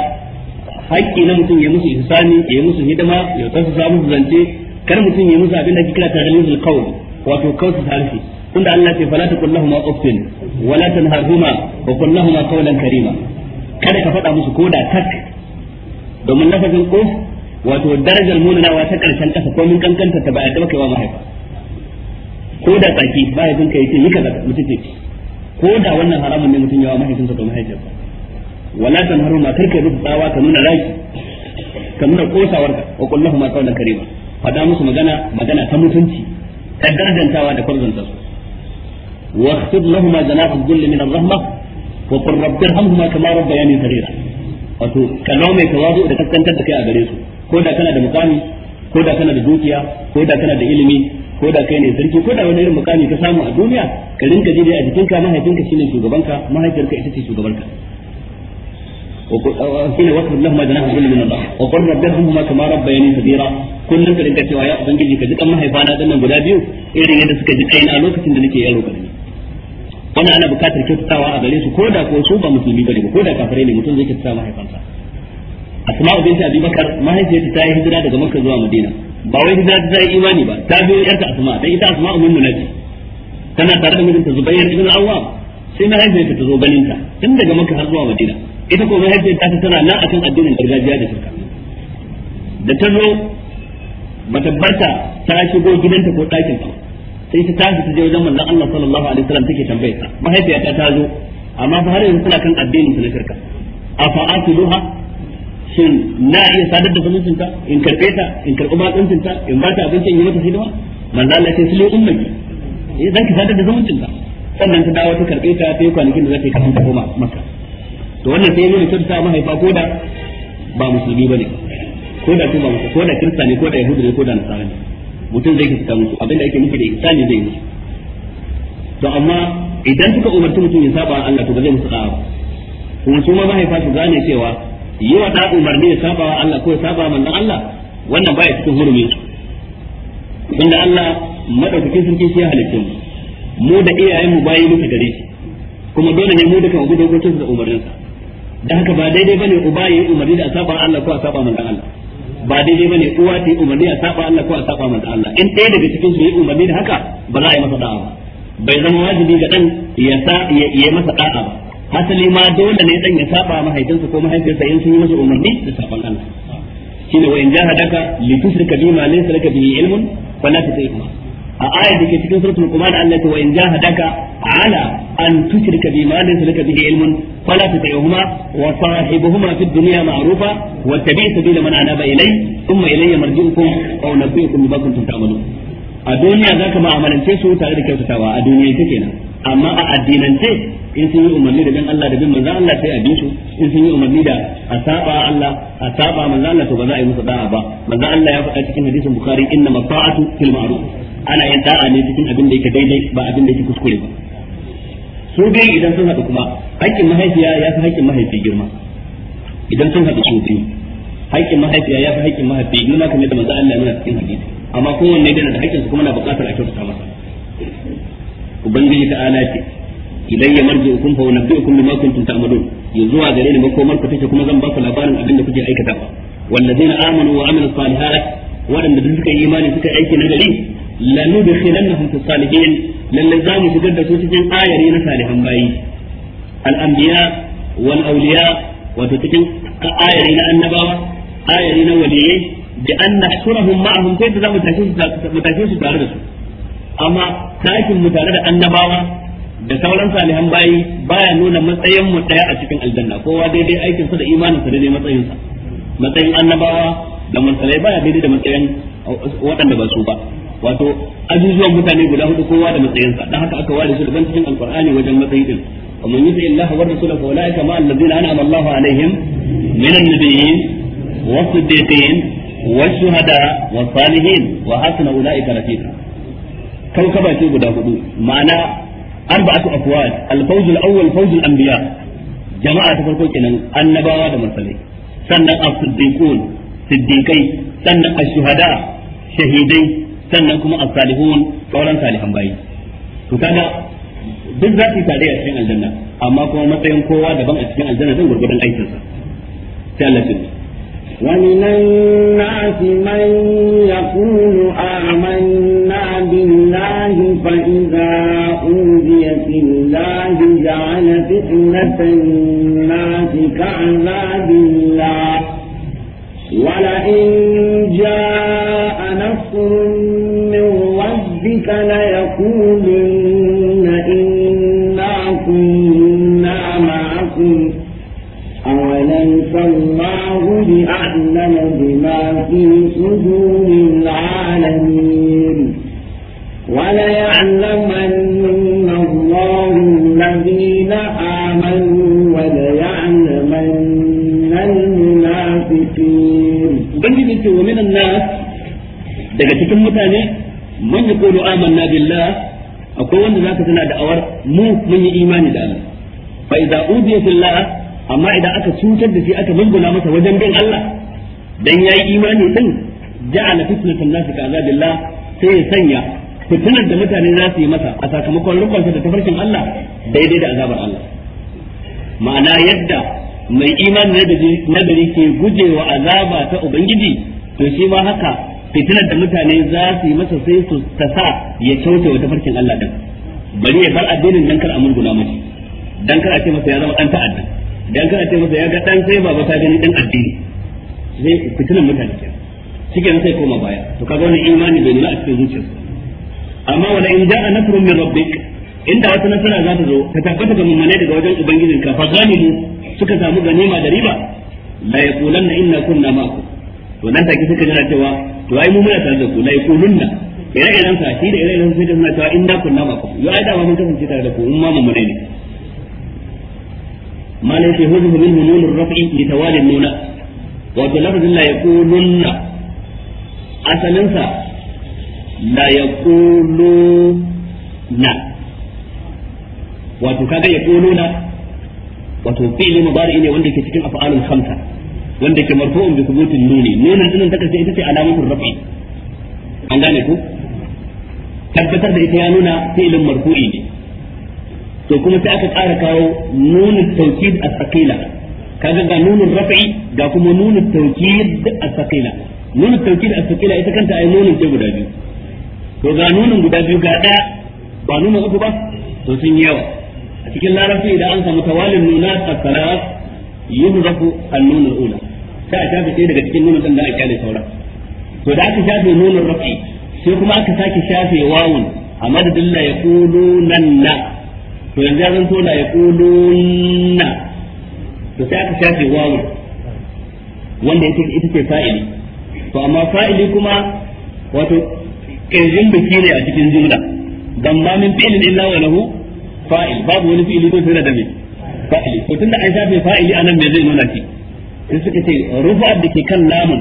S1: haƙƙi na mutum ya musu ihsani ya musu hidima ya tausasa musu zance kar mutum ya musu abin da ake kira tahlilul qawl wato kausa harfi tunda Allah ce fala taqul lahum uffin wala tanharhuma wa qul lahum qawlan karima kada ka faɗa musu ko da tak domin nafasin ko wato darajar munanawa ta karshen kasa ko mun kankanta ta ba a taba kaiwa mahaifa ko da tsaki mahaifin ka yace yi kaza mutum ce ko da wannan haramun ne mutum yawa mahaifinsa ko mahaifiyarsa wala haru ma karka rubu tsawa ka nuna raki ka nuna kosawar ka wa kullahu ma qawlan karima fada musu magana magana ta mutunci ta dardantawa da kwarzanta su wa lahum ma لهما جناح min ar-rahma wa رب rabbihum kama rabbayani صغيرا wato ka mai tawadu da kaskantar da kai a gare su ko da kana da mukami ko da kana da dukiya ko da kana da ilimi ko da kai ne sarki ko da wani irin mukami ka samu a duniya ka rinka ji dai a mahaifin ka shine shugabanka ka ita ce shugabanka wa wasu lahma da nahu min Allah wa qurna ma kama rabbayani kabira kullun ka rinka cewa ya ubangiji ka ji kan na dan nan guda biyu irin yadda suka ji kaina na lokacin da nake yaro karami wannan ana bukatar kyautatawa a gare su ko da ko su ba musulmi bane ba ko da kafirai ne mutum zai kyautata mahaifansa asma'u binti abi bakar mahaifiyarta ta yi hijira daga makka zuwa madina ba wai hijira ta yi imani ba ta biyo yarta asma dan ita asma'u ummu munabi tana tare da mijinta zubayr ibn awwam sai haife ta zo ganin ta tun daga makka har zuwa madina ita ko haife ta tana nan akan addinin gargajiya da shirka da ta zo bata barta ta shigo gidanta ko ɗakin ta sai ta tashi ta je wajen manzon Allah sallallahu alaihi wasallam take tambaye ta mahaifiyarta ta zo amma fa har yanzu tana kan addinin ta na shirka afa asiluha shin na iya sadar da zumuncin ta in karbe ta in karbi matsancin ta in ba ta abincin yi mata hidima manzo Allah sai sule ummaki eh zan ki sadar da zumuncin ta sannan ta dawo ta karbe ta ta yi kwanakin da za ta yi kafin ta koma maka to wannan sai nuna kyautata mahaifa ko da ba musulmi bane ko da ko ba musulmi ko da kirista ne ko da yahudu ne ko da nasara ne mutum zai kyautata musu abinda ake nufi da ihsani zai yi to amma idan suka umarci mutum ya saba Allah to ba zai musu da'a ba kuma su ma mahaifa su gane cewa yi wa da umarni ya saba wa Allah ko ya saba manzon Allah wannan baya cikin hurumi su tunda Allah madaukakin sun shi ya mu da iyayen mu bayi muka gare shi kuma dole ne mu duka mu dokokin da umarnin sa da haka ba daidai bane uba bayi umarni da saba Allah ko a saba manzon Allah ba daidai bane uwa ta yi umarni a saba Allah ko a saba manzon Allah in ɗaya daga cikin su yi umarni da haka ba za a yi masa da'a ba bai zama wajibi ga dan ya sa ya masa da'a ba asali ma dole ne dan ya saba mahaifinsa ko mahaifinsa in sun yi masa umarni da saban Allah shine wa in daka li tusrika bima laysa laka bihi ilmun fala tuti'huma a ayar da ke cikin suratul qumar Allah ta wa in daka ala an tusrika bima laysa laka bihi ilmun fala tuti'huma wa sahibuhuma fid dunya ma'rufa wa tabi' sabila man anaba ilay thumma ilayya marji'ukum aw nabiyukum bima kuntum ta'malun a duniya zaka ma'amalance su tare da kyautatawa a duniya kenan amma a addinance in sun yi umarni da bin Allah da bin manzon Allah sai a bi in sun yi umarni da a saba Allah a saba manzon Allah to ba za a yi musu da'a ba manzon Allah ya faɗa cikin hadisin Bukhari inna mata'atu fil ma'ruf ana yin da'a ne cikin abin da yake daidai ba abin da yake kuskure ba su biyu idan sun haɗu kuma haƙƙin mahaifiya ya fi haƙƙin mahaifi girma idan sun haɗu su biyu haƙƙin mahaifiya ya fi haƙƙin mahaifi nuna kamar yadda manzon Allah ya nuna cikin hadisi amma kowanne yana da haƙƙinsa kuma na buƙatar a kyautata masa ubangiji ta ala ce ilayya hukum fa unabbi'ukum bima kuntum ta'malun zuwa gare ni makomar ku take kuma zan ba ku labarin abin da kuke aikatawa wallazina amanu wa amilus salihat waɗanda duk suka yi imani suka aiki na gari lanudkhilannahum fi salihin lalle za mu shigar da su cikin ayari na salihan bayi al-anbiya wal awliya wato cikin ayari na annabawa ayari na waliyai bi an nahsurahum ma'ahum sai da za mu tashi su tare da su amma takin mu tare da annabawa da sauran salihan bayi baya nuna matsayin mu daya a cikin aljanna kowa daidai aikinsa da imaninsa daidai matsayinsa matsayin annabawa da mursalai baya daidai da matsayin waɗanda ba su ba wato ajujuwan mutane guda hudu kowa da matsayinsa dan haka aka ware su daban cikin alqur'ani wajen matsayi din ومن يطع الله ورسوله فاولئك مع الذين انعم الله عليهم من النبيين والصديقين والشهداء والصالحين وحسن اولئك رفيقا kaukaba ce guda hudu ma'ana arba'atu afwad al-fawz al-awwal fawz al awwal al anbiya jama'a ta farko kenan annabawa da mursalai sannan as-siddiqun siddiqai sannan ash-shuhada shahidai sannan kuma as-salihun sauran salihan bayi to duk za su tare a cikin aljanna amma kuma matsayin kowa daban a cikin aljanna zan gurgurdan aikinsa sai Allah ya
S2: ومن الناس من يقول آمنا بالله فإذا أوذي في الله جعل فتنة الناس كعذاب الله ولئن جاء نصر نجوم العالمين وليعلمن الله الذين آمنوا وليعلمن
S1: daga cikin mutane mun yi kolo amanna billah akwai wanda zaka tana da awar mu mun yi imani da Allah fa idza udiya billah amma idan aka cutar da shi aka munguna masa wajen bin Allah dan yayi imani din ja'ala fitnatan nasi ka azabillah sai ya sanya fitinar da mutane za su yi masa a sakamakon rubansa da tafarkin Allah daidai da azabar Allah ma'ana yadda mai imani na gari ke gujewa azaba ta ubangiji to shi ma haka fitinar da mutane za su yi masa sai su ta sa ya kyauta wa tafarkin Allah din bari ya bar addinin dan kar a murguna mashi dan kar a ce masa ya zama dan ta'adda dan kar a ce masa ya ga dan sai baba ta gani dan addini zai fitinar mutane kenan cikin sai koma baya to kaga wannan imani bai nuna a cikin zuciyarsa amma wala in ja'a nasrun min rabbik inda wata nasara za ta zo ta tabbata ga mummune daga wajen ubangijin ka fa ganimu suka samu ganima da riba la yaqulanna inna kunna ma'akum to nan take suka jira cewa to ai mu muna tare da ku la yaqulunna ire iren sa shi da ire iren sai da suna cewa inna kunna ma'akum yo ai da mun kasance tare da ku mun ma mummune ne ما ليس يهوده منه نون الرفع لتوالي النون وفي لفظ لا يقولن asalinsa la ya yaquluna wato kaga yaquluna wato fi'li mudari ne wanda ke cikin af'alul khamsa wanda ke marfu'un bi thubutin nuni nunin din ta kace ita ce alamatul raf'i an gane ku tabbatar da ita ya nuna fi'lin marfu'i ne to kuma sai aka ƙara kawo nunin tawkid as-saqila kaga ga nunin raf'i ga kuma nunin tawkid as-saqila nunu tauki da asakila ita kanta ai nunun ce guda biyu to ga nunin guda biyu ga daya ba nunun uku ba to sun yi yawa a cikin larabci idan an samu tawalin nuna as-salat yuhrafu an-nun al-ula sai a shafi sai daga cikin nunun din da aka kyale sauran to da aka shafe nunun rafi sai kuma aka sake shafe wawun a madadin la yaqulunanna to yanzu ya zanto la na, to sai aka shafe wawun wanda ita ce fa'ili to amma fa'ili kuma wato kirjin biki ne a cikin jumla dan ma min fi'lin illa wa lahu fa'il babu wani fi'ili ko tare da me fa'ili to tunda an shafe fa'ili anan me zai nuna shi sai suka ce rufa da ke kan lamun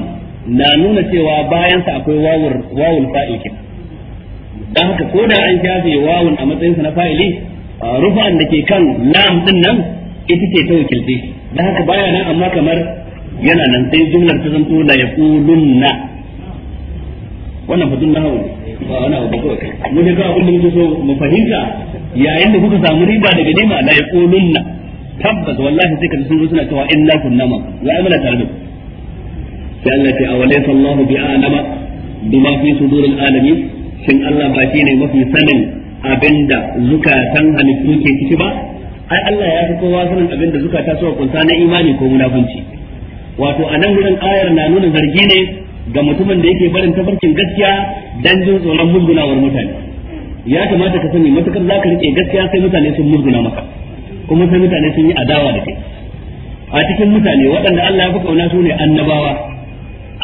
S1: na nuna cewa bayan sa akwai wawul wawul fa'il kin dan haka ko da an shafe wawun a matsayin sa na fa'ili rufa'an da ke kan lam din nan ita ce ta wakilce dan haka baya nan amma kamar yana nan sai jumlar ta zanto la yaqulunna wannan fadin na hawo ba wani abu ba kawai mu ne ga abin da muke so mu fahimta yayin da kuka samu riba daga nema la yaqulunna tabbas wallahi sai ka sun suna cewa illa kunnama la amala tare da sai Allah ya awalaysa Allah bi alama bima fi suduril alamin shin Allah ba shi ne mafi sanin abinda zukatan halittu ke ciki ba ai Allah ya fi kowa sanin abinda zukata suka kunta na imani ko munafunci wato a nan gurin ayar na nuna zargi ne ga mutumin da yake barin tafarkin gaskiya dan jin tsoron muzgunawar mutane ya kamata ka sani matukar za ka rike gaskiya sai mutane sun muzguna maka kuma sai mutane sun yi adawa da kai a cikin mutane waɗanda Allah ya fi kauna su ne annabawa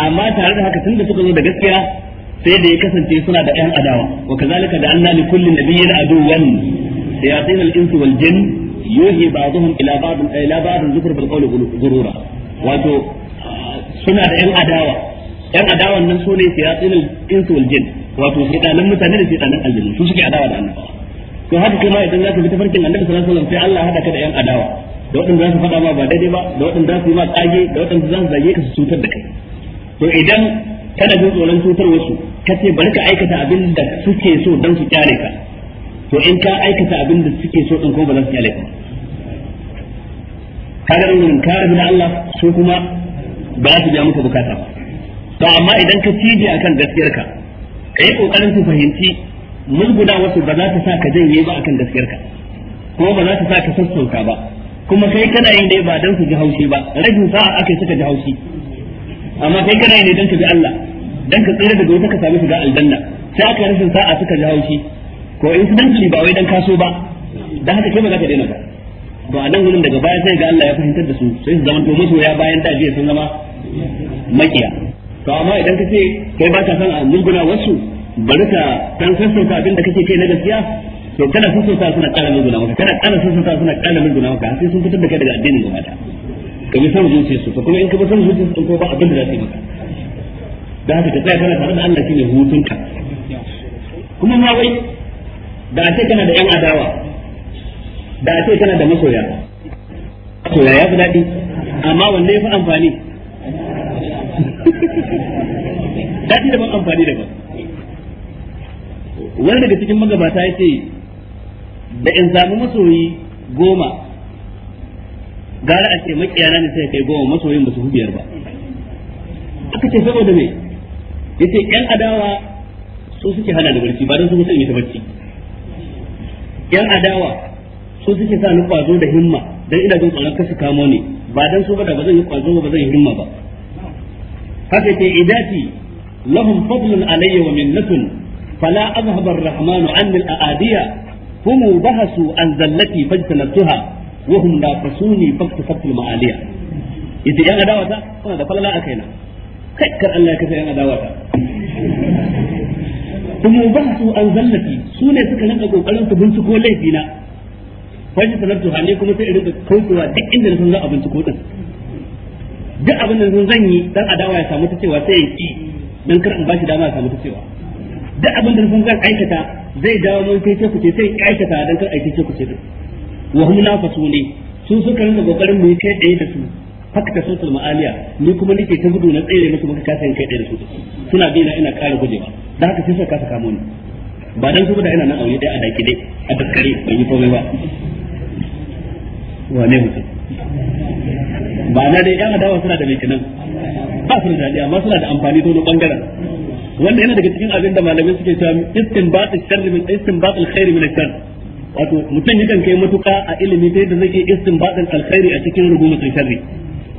S1: amma tare da haka tun da suka zo da gaskiya sai da ya kasance suna da ƴan adawa wa kazalika da Allah li kulli nabiyyin aduwan shayatin al-insu wal jinn yuhi ba'dhum ila ba'd ila ba'd dhukr bil qawli ghurura wato suna da yan adawa yan adawan nan sune siyatul insu wal jin wato shedanin mutane da shedanin aljanna su suke adawa da annabawa to haka kuma idan za ka bi tafarkin annabi sallallahu alaihi wasallam sai Allah hada ka da yan adawa da waɗanda za su faɗa ma ba daidai ba da waɗanda za su yi ma tsage da waɗanda za su zage ka su cutar da kai to idan kana jin tsoron cutar wasu ka ce bari ka aikata abin da suke so don su kyale ka to in ka aikata abin da suke so din kuma ba za su kyale ka kaga in gurin ka rabu da Allah su kuma ba su biya maka bukata ba to amma idan ka cije akan gaskiyarka kai kokarin su fahimci musguda wasu ba za ta sa ka janye ba akan gaskiyarka kuma ba za ta sa ka sassauta ba kuma kai kana yi ne ba dan su ji haushi ba rashin sa'a akai suka ji haushi amma kai kana yi ne dan ka bi Allah dan ka tsira daga wuta ka sami shiga aljanna sai aka rashin sa'a suka ji haushi ko in su incidentally ba wai dan kaso ba dan haka kai ba za ka daina ba to a nan gudun daga bayan sai ga Allah ya fahimtar da su sai su zama to musu ya bayan da jiya sun zama makiya to amma idan ka ce kai ba ka san a mulguna wasu bari ka san sassauta abin da kake kai na gaskiya to kada sassauta suna kara mulguna maka kana kara sassauta suna kara mulguna maka sai sun fitar da kai daga addinin gaba ɗaya ka bi san zuciyar su to kuma in ka bi san zuciyar su ko ba abin da za su yi maka da haka ka tsaya kana tare da Allah shine hutunka kuma ma wai da ake kana da yan adawa da a ce kana da masoya masoya ya fi daɗi amma wanne ya fi amfani daɗi ban amfani ba wani daga cikin magabata ya ce da in samu masoyi goma gara a ce makiyana ne sai kai goma masoyin ba su hubiyar ba aka ce saboda me ce yan adawa su suke hana da barci ba don su musu yi ta barci yan adawa su suke sa ni kwazo da himma dan ina jin tsoron kasu kamo ne ba dan su ba da ba zan yi kwazo ba zan yi himma ba haka ce idati lahum fadlun alayya wa minnatun fala azhaba ar-rahmanu anni al-aadiya hum bahasu an zallati fajtanabtuha wa hum nafasuni faktasabtu al-ma'aliya yace yan adawata kuna da falala akai na kai kar Allah ya kasa yan adawata kuma bahasu an zallati sune suka rinka kokarin su binciko na. fashi tuha ne kuma sai irin kaucewa duk inda na san za a ko din duk abin da zan yi dan adawa ya samu ta cewa sai ya ki dan kar in bashi dama ya samu ta cewa duk abin da sun zan aikata zai dawo mun sai ce kuce sai aikata dan kar aikace kuce din wa hum sun su suka rinka kokarin mu kai ɗaya da su haka ta sotul ma'aliya ni kuma nake ta gudu na tsere musu muka kasa yin kai ɗaya da su suna bi na ina ƙara gujewa da haka sai suka kasa kamo ni ba dan saboda ina nan aure dai a daki dai a daskare bai yi komai ba wane mutum ba na dai yan adawa suna da mai kinan ba su da daɗi amma suna da amfani ta wani bangaren wanda yana daga cikin abin da malamai suke cewa istinbatul sharri min istinbatul khairi min shar wato mutum yakan kai matuka a ilimi ta yadda zai iya istinbatul alkhairi a cikin rubutun sharri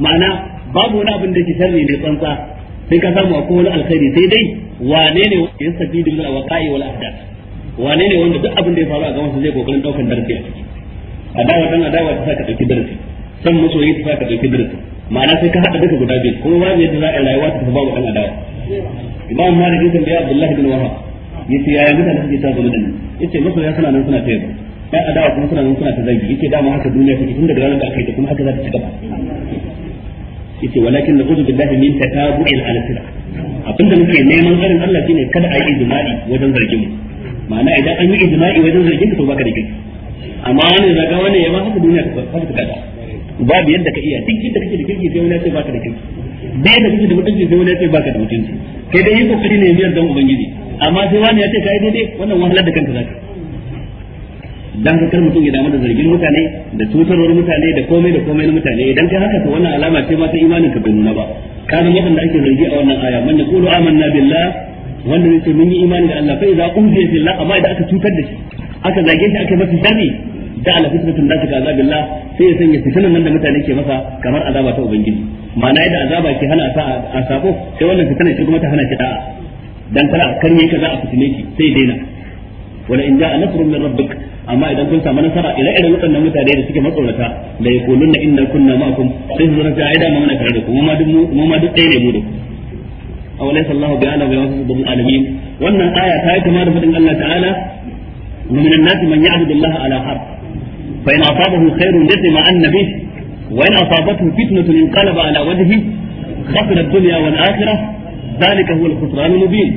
S1: ma'ana babu wani abin da ke sharri ne tsantsa sai ka samu akwai wani alkhairi sai dai wane ne ya sabi da waqa'i wal ahdath wane ne wanda duk abin da ya faru a gaban sa zai kokarin daukan darasi a ciki adawa dan adawa ta saka dauki darasi san masoyi ta saka dauki darasi ma'ana sai ka hada duka guda biyu kuma babu yadda za a rayuwa ta babu dan adawa imam malik bin biya abdullah bin wahab yace yaya mutane suke ta zama dan yace masoya suna nan suna ta yabo dan adawa kuma suna nan suna ta zagi yace dama haka duniya take tun daga ranar da aka yi kuma haka za ta ci gaba yace walakin na'udhu billahi min tatabu'il al-sira abinda muke neman tsarin Allah shine kada a yi ijma'i wajen zargin mu ma'ana idan an yi ijma'i wajen zargin to baka da kirki amma wani zaga wani ya ma haka duniya ta fara ta kada babu yadda ka iya duk yadda kake da kirki sai wani ya ce baka da kirki da yadda kake da mutunci sai wani ya ce baka da mutunci kai dai yi kokari ne biyar dan ubangiji amma sai wani ya ce kai daidai wannan wahalar da kanka zaka dan ka kar mutum ya damu da zargin mutane da tutarwar mutane da komai da komai na mutane idan kai haka to wannan alama ce ma ta imanin ka bai nuna ba kana da ake zargi a wannan aya man yaqulu amanna billah wanda zai ce mun yi imani da Allah fa idza uziya billah amma idan aka cutar da shi aka zage shi aka masa sharri da ala fitnatun da ka azabillah sai ya sanya fitinan nan da mutane ke masa kamar azaba ta ubangiji ma'ana yadda azaba ke hana a sako sai wannan fitinan shi kuma ta hana shi da'a dan kana ka za a fitine ki sai daina wala in ja'a nasrun min rabbik amma idan kun samu nasara ire iren waɗannan mutane da suke matsorata da ya inna kunna ma'akum sai su zanta mu muna tare da ku mu ma duk mu ma duk ne mu da ku Allahu bi'ala wannan aya ta yi kama da fadin Allah ta'ala ومن الناس من يعبد الله على حرف فإن أصابه خير جزم عن به وإن أصابته فتنة انقلب على وجهه خسر الدنيا والآخرة ذلك هو الخسران المبين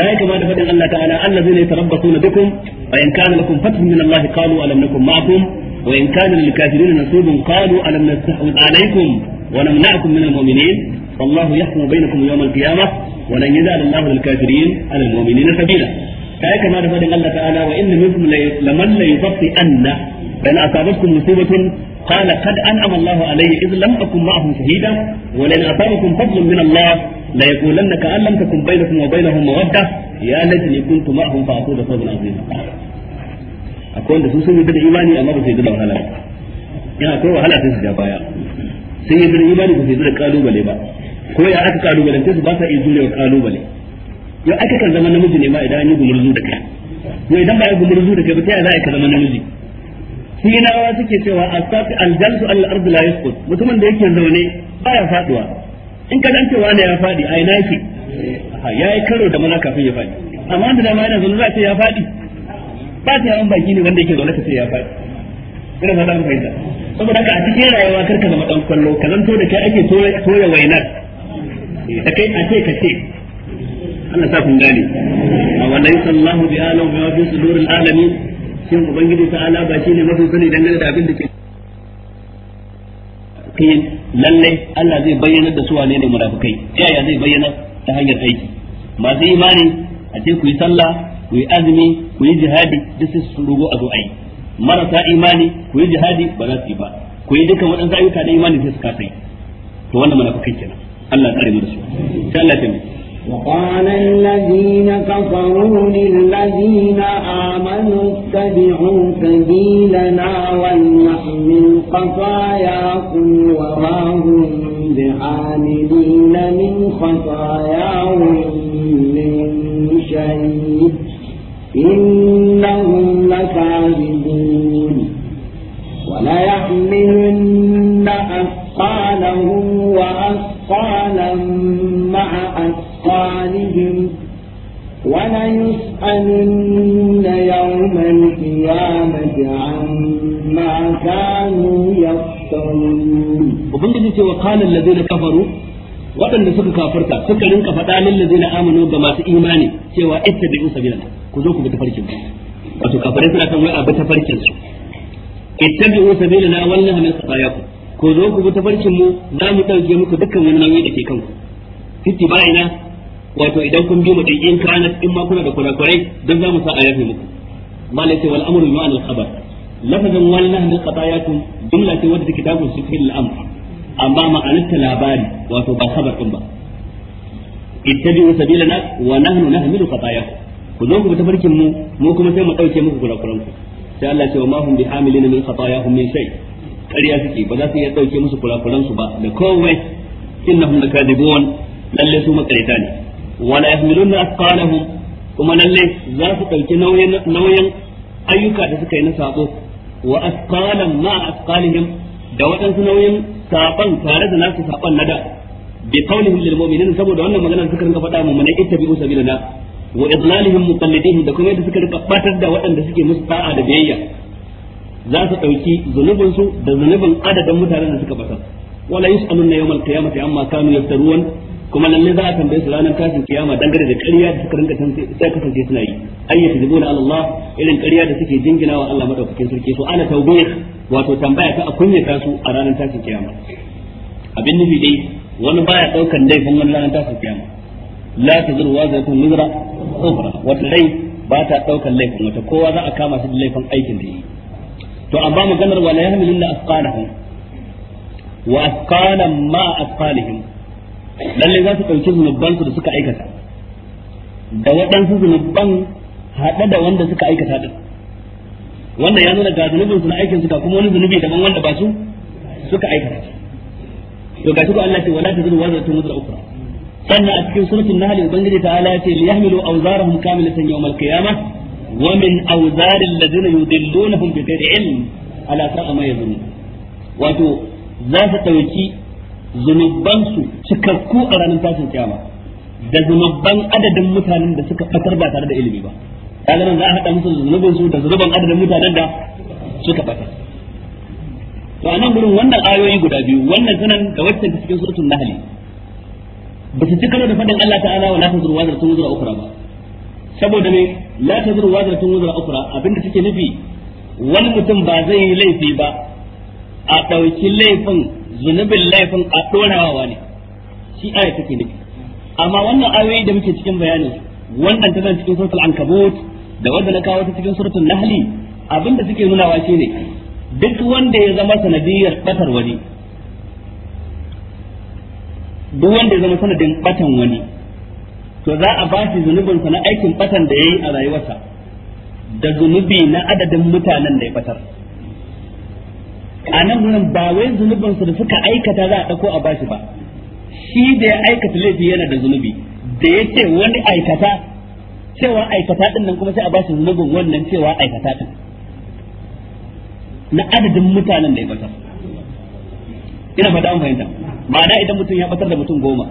S1: ذلك ما دفع الله تعالى الذين يتربصون بكم وإن كان لكم فتح من الله قالوا ألم نكن معكم وإن كان للكافرين نصيب قالوا ألم نستحوذ عليكم ونمنعكم من المؤمنين فالله يحكم بينكم يوم القيامة ولن يجعل الله للكافرين على المؤمنين سبيلا ta yi kama da fadin Allah ta'ala wa inna minkum laman la yusaffi anna dan asabatkum musibatun qala qad an'ama Allahu alayya idh lam akun ma'ahum shahida wa lan asabakum fadlun min Allah la yaqulanna ka an lam takun bainakum wa bainahum mawaddah ya laitani kuntu ma'ahum fa aqulu fawzan azima akwai wanda sun yi da imani amma ba su yi da wahala ba yana akwai wahala sai su ja baya sun yi da imani ba su yi da kalubale ba ko ya aka kalubalance su ba sa iya jurewa kalubale yau aka kan zama namiji ne ma idan an yi gumurzu da kai ne idan ba ya gumurzu da kai ba ta yaya za a ka zama namiji sinawa suke cewa a sati aljansu al ard la yasqut mutumin da yake zaune ba ya faduwa in ka dan cewa ne ya fadi a ina yake ya yi karo da mana kafin ya fadi amma da dama yana zaune za a ce ya fadi ba ta yawan baki ne wanda yake zaune ka ce ya fadi ina ba dan fahimta saboda ka a cikin rayuwa karka zama dan kwallo ka zanto da kai ake toya wainar da kai a ce ka ce Allah sa kun gane wallahi sallallahu bi alahu bi wa fi suduril alamin shin ubangiji ala ba shine mafi sani dangane da abin da ke yin lallai Allah zai bayyana da su wane ne munafikai ta yaya zai bayyana ta hanyar aiki masu imani a ce ku yi sallah ku yi azumi ku yi jihadi duk sai su rugo a zo ayi marasa imani ku yi jihadi ba za su yi ba ku yi dukkan waɗansu ayyuka na imani sai su kasa to wannan munafikai kenan Allah ya tsare mu da su sai Allah ya taimake وقال
S2: الذين كفروا للذين آمنوا اتبعوا سبيلنا ولنحمل خطاياكم وما هم بحاملين من خطاياهم من شيء إنهم لكاذبون وليحملن أثقالهم وأثقالا مع أثقالهم أعقابهم وليسألن يوم القيامة
S1: عما كانوا يفترون وبنجد وقال الذين كفروا waɗanda suka kafarta suka rinka faɗa lil na amanu ga masu imani cewa ittabi'u sabilana ku zo ku bi tafarkin ku wato kafirai suna kan wai a bi tafarkin su da ittabi'u sabilana wallahu min khatayakum ku zo ku bi tafarkin mu za mu dauke muku dukkan wani nauyi da ke kanku ittiba'ina wato idan kun bi mu din in kana in ma kuna da kurakurai dan za mu sa a yafe muku malai ce wal amru ma'an al khabar lafazin wal nahnu qatayakum jumla ce wadda take dakon su fil amr amma ma'anar ta labari wato ba khabar din ba ittabi'u na wa nahnu nahmilu qatayakum ku zo ku tafarkin mu mu kuma sai mu dauke muku kurakuran ku sai Allah ce wa ma hum bihamilina min khatayahum min shay ƙarya suke ba za su iya dauke musu kurakuran ba da kowai innahum lakadibun lalle su makarita ne wala yahmiluna asqalahum kuma lalle za su dauki nauyin nauyin ayyuka da suka yi na sabo wa asqalan ma asqalihim da waɗansu nauyin saban tare da nasu saban na da bi qawlihim lil mu'minin saboda wannan magana suka rinka faɗa mu mana ittabi'u da wa idlalihim muqallidihim da kuma yadda suka rinka batar da waɗanda suke musu ta'a da biyayya za su ɗauki zunubinsu da zunubin adadin mutanen da suka batar wala yus'aluna yawmal qiyamati amma kanu yaftaruwan kuma lalle za a tambaye su ranar tashin kiyama dangane da ƙarya da suka rinka sai kasance suna yi ayyata jibuna Allah irin ƙarya da suke jingina wa Allah madaukakin sarki so ana tawbih wato tambaya ta a kunyata su a ranar tashin kiyama abin nufi dai wani baya daukan laifin wani ranar tashin kiyama la tazuru wa zakun mizra ukhra wata rai ba ta daukan laifin wata kowa za a kama shi da laifin aikin da yi to amma maganar wala yahmilunna asqalahum wa asqalan ma asqalihim lalle za su ɗauki zunubban su da suka aikata da waɗansu zunubban haɗe da wanda suka aikata ɗin wanda ya nuna ga zunubin su na aikin suka kuma wani zunubi daban wanda ba su suka aikata to ga ko Allah ce wala wa zatu wazra ukra sannan a cikin suratul nahl ubangiji ta ala ce yahmilu awzarahum kamilatan al qiyamah wa min awzar alladhina yudillunahum bi ghairi ilm ala sa'a ma wato za su dauki zunubansu cikakku a ranar tashin kiyama da zunuban adadin mutanen da suka fatar ba tare da ilimi ba kaga nan za a haɗa musu zunubin su da zunuban adadin mutanen da suka fatar to a nan gurin wannan ayoyi guda biyu wannan sanan da waccan cikin suratul hali ba su cika da faɗin Allah ta'ala wa la tazuru wazratun wazra ukra ba saboda ne la tazuru wazratun wazra ukra abinda take nufi wani mutum ba zai yi laifi ba a ɗauki laifin zunubin laifin a dorawa ne shi aya take nufi amma wannan ayoyi da muke cikin bayanin wannan ta zan cikin suratul ankabut da wanda na kawo ta cikin suratul nahli abinda suke nunawa shine duk wanda ya zama sanadiyar batar wani duk wanda ya zama sanadin batan wani to za a bashi zunubin sa na aikin batan da yayi a rayuwarsa da zunubi na adadin mutanen da ya batar a nan wurin ba wai zunubansu da suka aikata za a ɗauko a bashi ba shi da ya aikata laifi yana da zunubi da ya ce wani aikata cewa aikata ɗin nan kuma sai a bashi zunubin wannan cewa aikata ɗin na adadin mutanen da ya batar ina fata an fahimta ma'ana idan mutum ya batar da mutum goma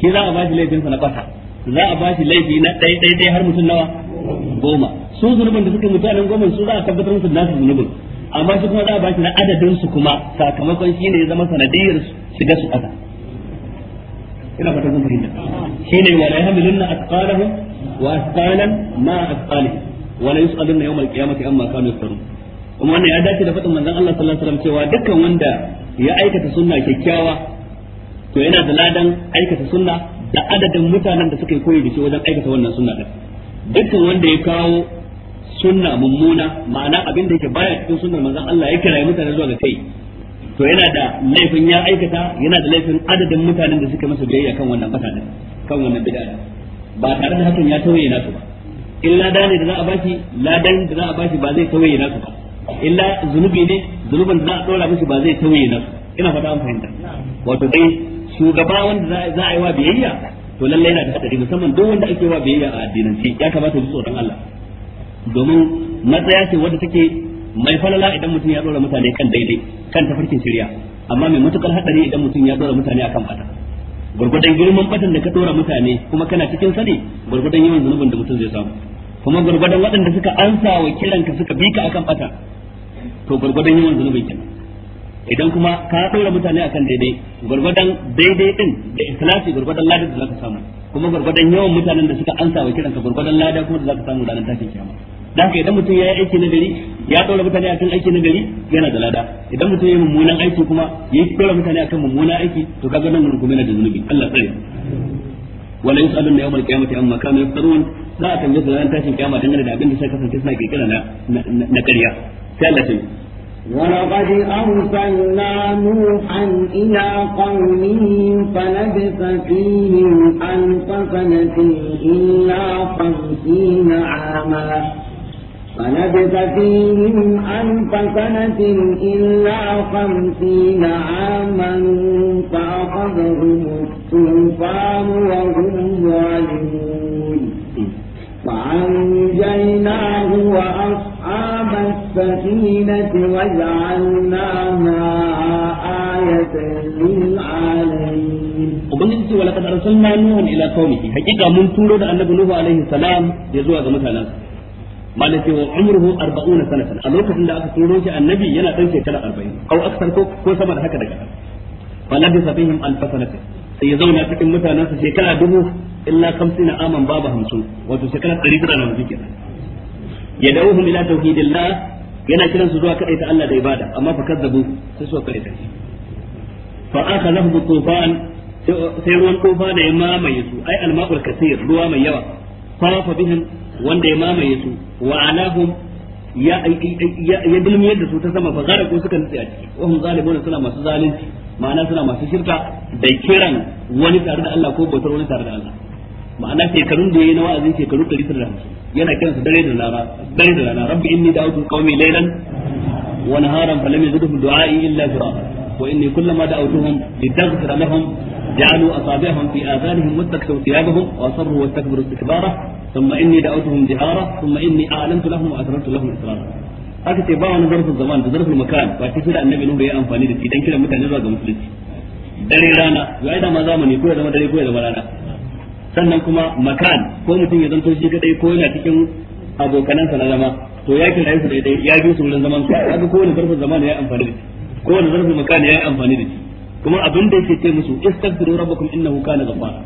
S1: shi za a bashi laifinsa na bata za a bashi laifi na ɗaya ɗaya har mutum nawa goma su zunubin da suke mutanen goma su za a tabbatar musu nasu zunubin amma su kuma za a bashi na adadin su kuma sakamakon shine ya zama sanadiyar shiga su kasa ina fatan zan fahimta shine wala yahmilunna atqalahum wa asqalan ma asqalihim wala yus'alunna yawmal qiyamati amma kanu yaftarun kuma wannan ya dace da fadin manzon Allah sallallahu alaihi wasallam cewa dukkan wanda ya aikata sunna kyakkyawa to yana da ladan aikata sunna da adadin mutanen da suka yi koyi da shi wajen aikata wannan sunna din dukkan wanda ya kawo sunna mummuna ma'ana abin da yake baya cikin sunnar manzon Allah ya kira mutane zuwa ga kai to yana da laifin ya aikata yana da laifin adadin mutanen da suka masa biyayya kan wannan fata ne kan wannan bid'a ba tare da hakan ya tauye na su ba illa lada da za a bashi ladan da za a bashi ba zai tauye na su ba illa zunubi ne zunuban da za a dora mishi ba zai tauye na su ina fata an fahimta wato dai shugaba wanda za a yi wa biyayya to lallai yana da hadari musamman duk wanda ake wa biyayya a addinance ya kamata su tsoron Allah domin matsaya ce wadda take mai falala idan mutum ya dora mutane kan daidai kan tafarkin shirya amma mai matukar hadari idan mutum ya dora mutane akan bata gurgudan girman batan da ka dora mutane kuma kana cikin sani gurgudan yawan zunubin da mutum zai samu kuma gurgudan waɗanda suka ansa wa kiranka suka bi ka akan bata to gurgudan yawan zunubin kenan idan kuma ka dora mutane akan daidai gurgudan daidai din da ikhlasi gurgudan ladan da zaka samu kuma gurgudan yawan mutanen da suka ansa wa kiranka gurgudan lada kuma da zaka samu ranar tashin kiyama dan ka idan mutum ya yi aiki na gari ya dora mutane akan aiki na gari yana da lada idan mutum ya yi mummunan aiki kuma ya dora mutane akan mummunan aiki to kaga nan mun kuma yana da zunubi Allah tsare wala yusallu na yawmal qiyamati amma kanu yaftarun za a tambaye su ran tashin kiyama dangane da abin da sai kasance suna kirkira na na ƙarya sai Allah ta ولقد
S2: أرسلنا نوحا إلى قومه فلبث فيهم ألف سنة إلا خمسين عاما فلبث فيهم إلا خمسين عاما فأخذهم الطوفان وهم ظالمون فأنجيناه وأصحاب السفينة وجعلناها آية
S1: للعالمين Ubangiji wa laƙadar salmanuwan ila kaunihi, hakika mun turo da annabi Nuhu alaihi salam ya zuwa ga mutanensa. malaka wa umruhu 40 sanatan a lokacin da aka turo shi annabi yana dan shekara 40 au aksar ko ko sama da haka daga falabi sabihim alfasanati sai ya zauna cikin mutanen shekara dubu illa 50 aman babu 50 wato shekara 100 ya ila tauhidillah yana kiran su zuwa kadai ta Allah da ibada amma fa kazzabu sai su kare ta fa tufan sai ruwan tufa da ya mamaye su ai alma'ul kaseer ruwa mai yawa fa fa bihim wanda ya mamaye su wa anahum ya ya dulmiyar da su ta sama fa gara ko suka nutse a ciki wa zalimun suna masu zalunci ma'ana suna masu shirka da kiran wani tare da Allah ko bautar wani tare da Allah ma'ana shekarun da yayi na wa'azin shekaru 150 yana kiran su dare da rana dare da rana rabbi inni da'utu qaumi laylan wa naharan falam yazidhum du'a'i illa firara wa inni kullama da'awtuhum litaghfira lahum ja'alu asabi'ahum fi adhanihim wastakshaw thiyabahum wa asarru wastakbaru istikbara ثم إني دعوتهم جهارا ثم إني أعلنت لهم وأسررت لهم إسرارا haka ce ba wani zarfin zaman da zarfin makan ba ta da annabi nuhu ya amfani da shi dan kira mutane zuwa ga musulunci dare rana ya da ma zamani ko ya zama dare ko ya zama rana sannan kuma makan ko mutum ya zanto shi kadai ko yana cikin abokanansa na zama to ya kira su daidai ya bi su wurin zaman su haka ko wani zarfin zaman ya amfani da shi ko wani zarfin makan ya amfani da shi kuma abin da yake ce musu istaghfiru rabbakum innahu kana ghaffara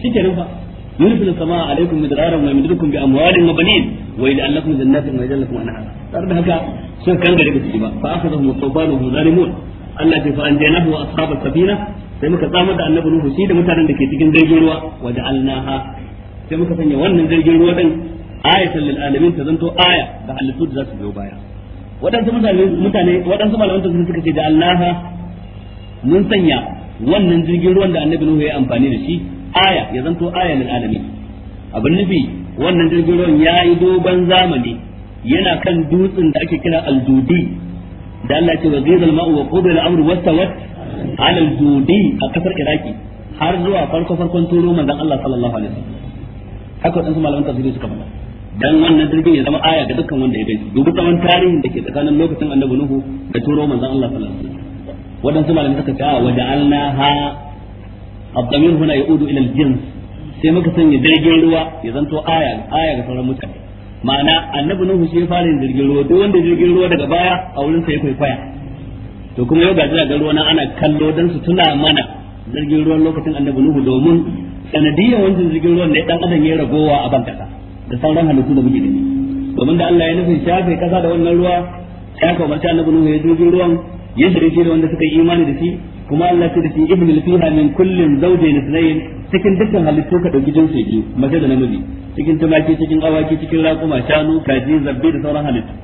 S1: shikenan fa bi يرسل السماء عليكم مدرارا ويمددكم باموال وبنين ويجعل لكم جنات ويجعل لكم انهارا ترى هكا سوى كان غريب السجباء فاخذهم الطوفان وهم ظالمون Allah ce fa an jana hu ashabul safina sai muka tsamar da annabi Nuhu shi da mutanen da ke cikin jirgin ruwa wa ja'alnaha sai muka sanya wannan jirgin ruwa din ayatan lil alamin ta zanto aya da halittu da za su biyo baya waɗansu mutane mutane waɗansu malaman tafsir suka ce ja'alnaha mun sanya wannan jirgin ruwan da annabi Nuhu ya amfani da shi aya ya zanto aya lil alamin abin nufi wannan jirgin ruwan ya yi dogon zamani yana kan dutsen da ake kira aldudi da Allah ce wa zizal ma'u wa qudil amru wastawat ala aldudi a kasar iraki har zuwa farko farkon turo manzon Allah sallallahu alaihi wasallam haka wadansu malaman tafsiri suka faɗa dan wannan jirgin ya zama aya ga dukkan wanda ya gaishe dubu tsawon tarihin da ke tsakanin lokacin annabi nuhu da turo manzon Allah sallallahu alaihi wasallam wadansu malaman suka ce a waja'alna ha الضمير هنا يعود ina الجنس sai muka sanya jirgin ruwa ya zanto aya aya ga sauran mutane ma'ana annabi nuhu shi fara yin jirgin ruwa duk wanda jirgin ruwa daga baya a wurin sa ya kwaikwaya to kuma yau ga jiragen ruwa nan ana kallo dan su tuna mana jirgin ruwan lokacin annabi nuhu domin sanadiyyar wancan jirgin ruwan ne dan adam ya ragowa a ban kasa da sauran halittu da muke gani domin da Allah ya nufin shafe kasa da wannan ruwa ya kawo annabi nuhu ya jirgin ruwan ya shirye da wanda suka yi imani da shi kuma Allah ce da shi ibn fiha min kullin zawjayn ithnayn cikin dukkan halittu ka dauki jinsi biyu mace da namiji cikin tumaki cikin awaki cikin raƙuma shanu kaji zabbi da sauran halittu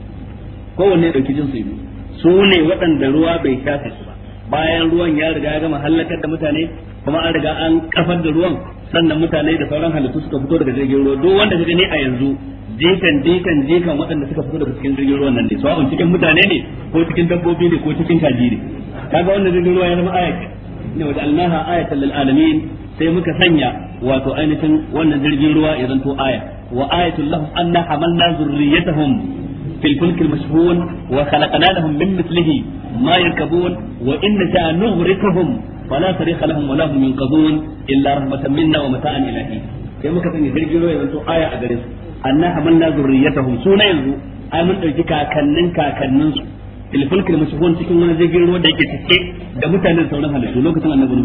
S1: kowanne ya dauki jinsi biyu su ne waɗanda ruwa bai shafe su ba bayan ruwan ya riga ya gama halakar da mutane kuma an riga an kafar da ruwan sannan mutane da sauran halittu suka fito daga jirgin ruwa duk wanda kaga ne a yanzu jikan jikan jikan waɗanda suka fito daga cikin jirgin ruwan nan ne sawa'un cikin mutane ne ko cikin dabbobi ne ko cikin kaji ne kaga wannan jirgin ruwa ya zama ayat ne wa ja'alnaha ayatan lil alamin sai muka sanya wato ainihin wannan jirgin ruwa ya zanto aya wa ayatul lahum anna hamalna zurriyatahum في الفلك المشحون وخلقنا لهم من مثله ما يركبون وإن نشاء نغرقهم فلا صريخ لهم ولا هم ينقذون إلا رحمة منا ومتاعا إلى حين sai muka sanya jirgin ruwa yanzu aya a gare su anna hamalna zurriyatahum suna yanzu ai mun dauki kakannin kakannin su fil fulkil mashhun cikin wani jirgin ruwa da yake cike da mutanen sauran halittu lokacin annabi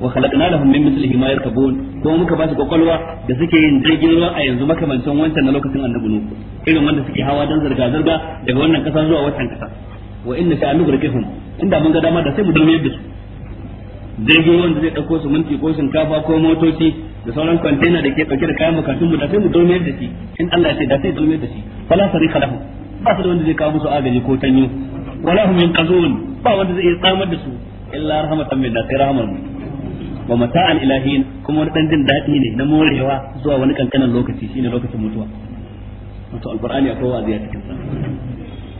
S1: wa khalaqna lahum min mithlihi ma yarkabun ko muka ba su kokolwa da suke yin jirgin ruwa a yanzu makamantan wancan na lokacin annabi nuhu irin wanda suke hawa dan zarga-zarga daga wannan kasa zuwa wancan kasa wa inna sha'a nugrikihum inda mun ga dama da sai mu dumiyar da su jirgin ruwan da zai dauko su minti ko shinkafa ko motoci da sauran container da ke dauke da kayan bukatun mu da sai mu dumiyar da shi in Allah ya ce da sai dumiyar da shi fala sarika lahum ba su da wanda zai kawo musu agaji ko tanyo wala hum yanqazun ba wanda zai iya tsamar da su illa rahmatan min da wa mata'an ilahin kuma wani dan jin daɗi ne na morewa zuwa wani kankanan lokaci shine lokacin mutuwa wato alqur'ani akwai wa'azi a cikin sa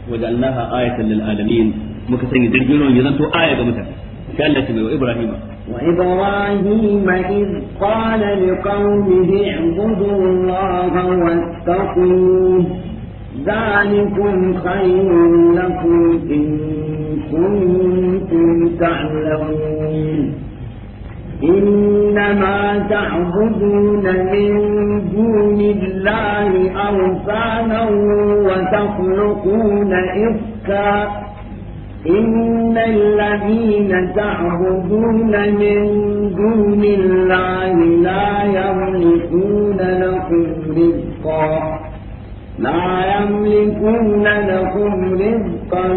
S1: waja'alnaha ayatan lil alamin muka sanya jirgin ruwan ya zanto aya ga mutane sai Allah ya mai Ibrahim
S2: وإبراهيم إذ قال لقومه اعبدوا الله واتقوه ذلكم خير لكم إن كنتم تعلمون إنما تعبدون من دون الله أوثانا وتخلقون إفكا إن الذين تعبدون من دون الله لا يملكون لكم رزقا لا يملكون لكم رزقا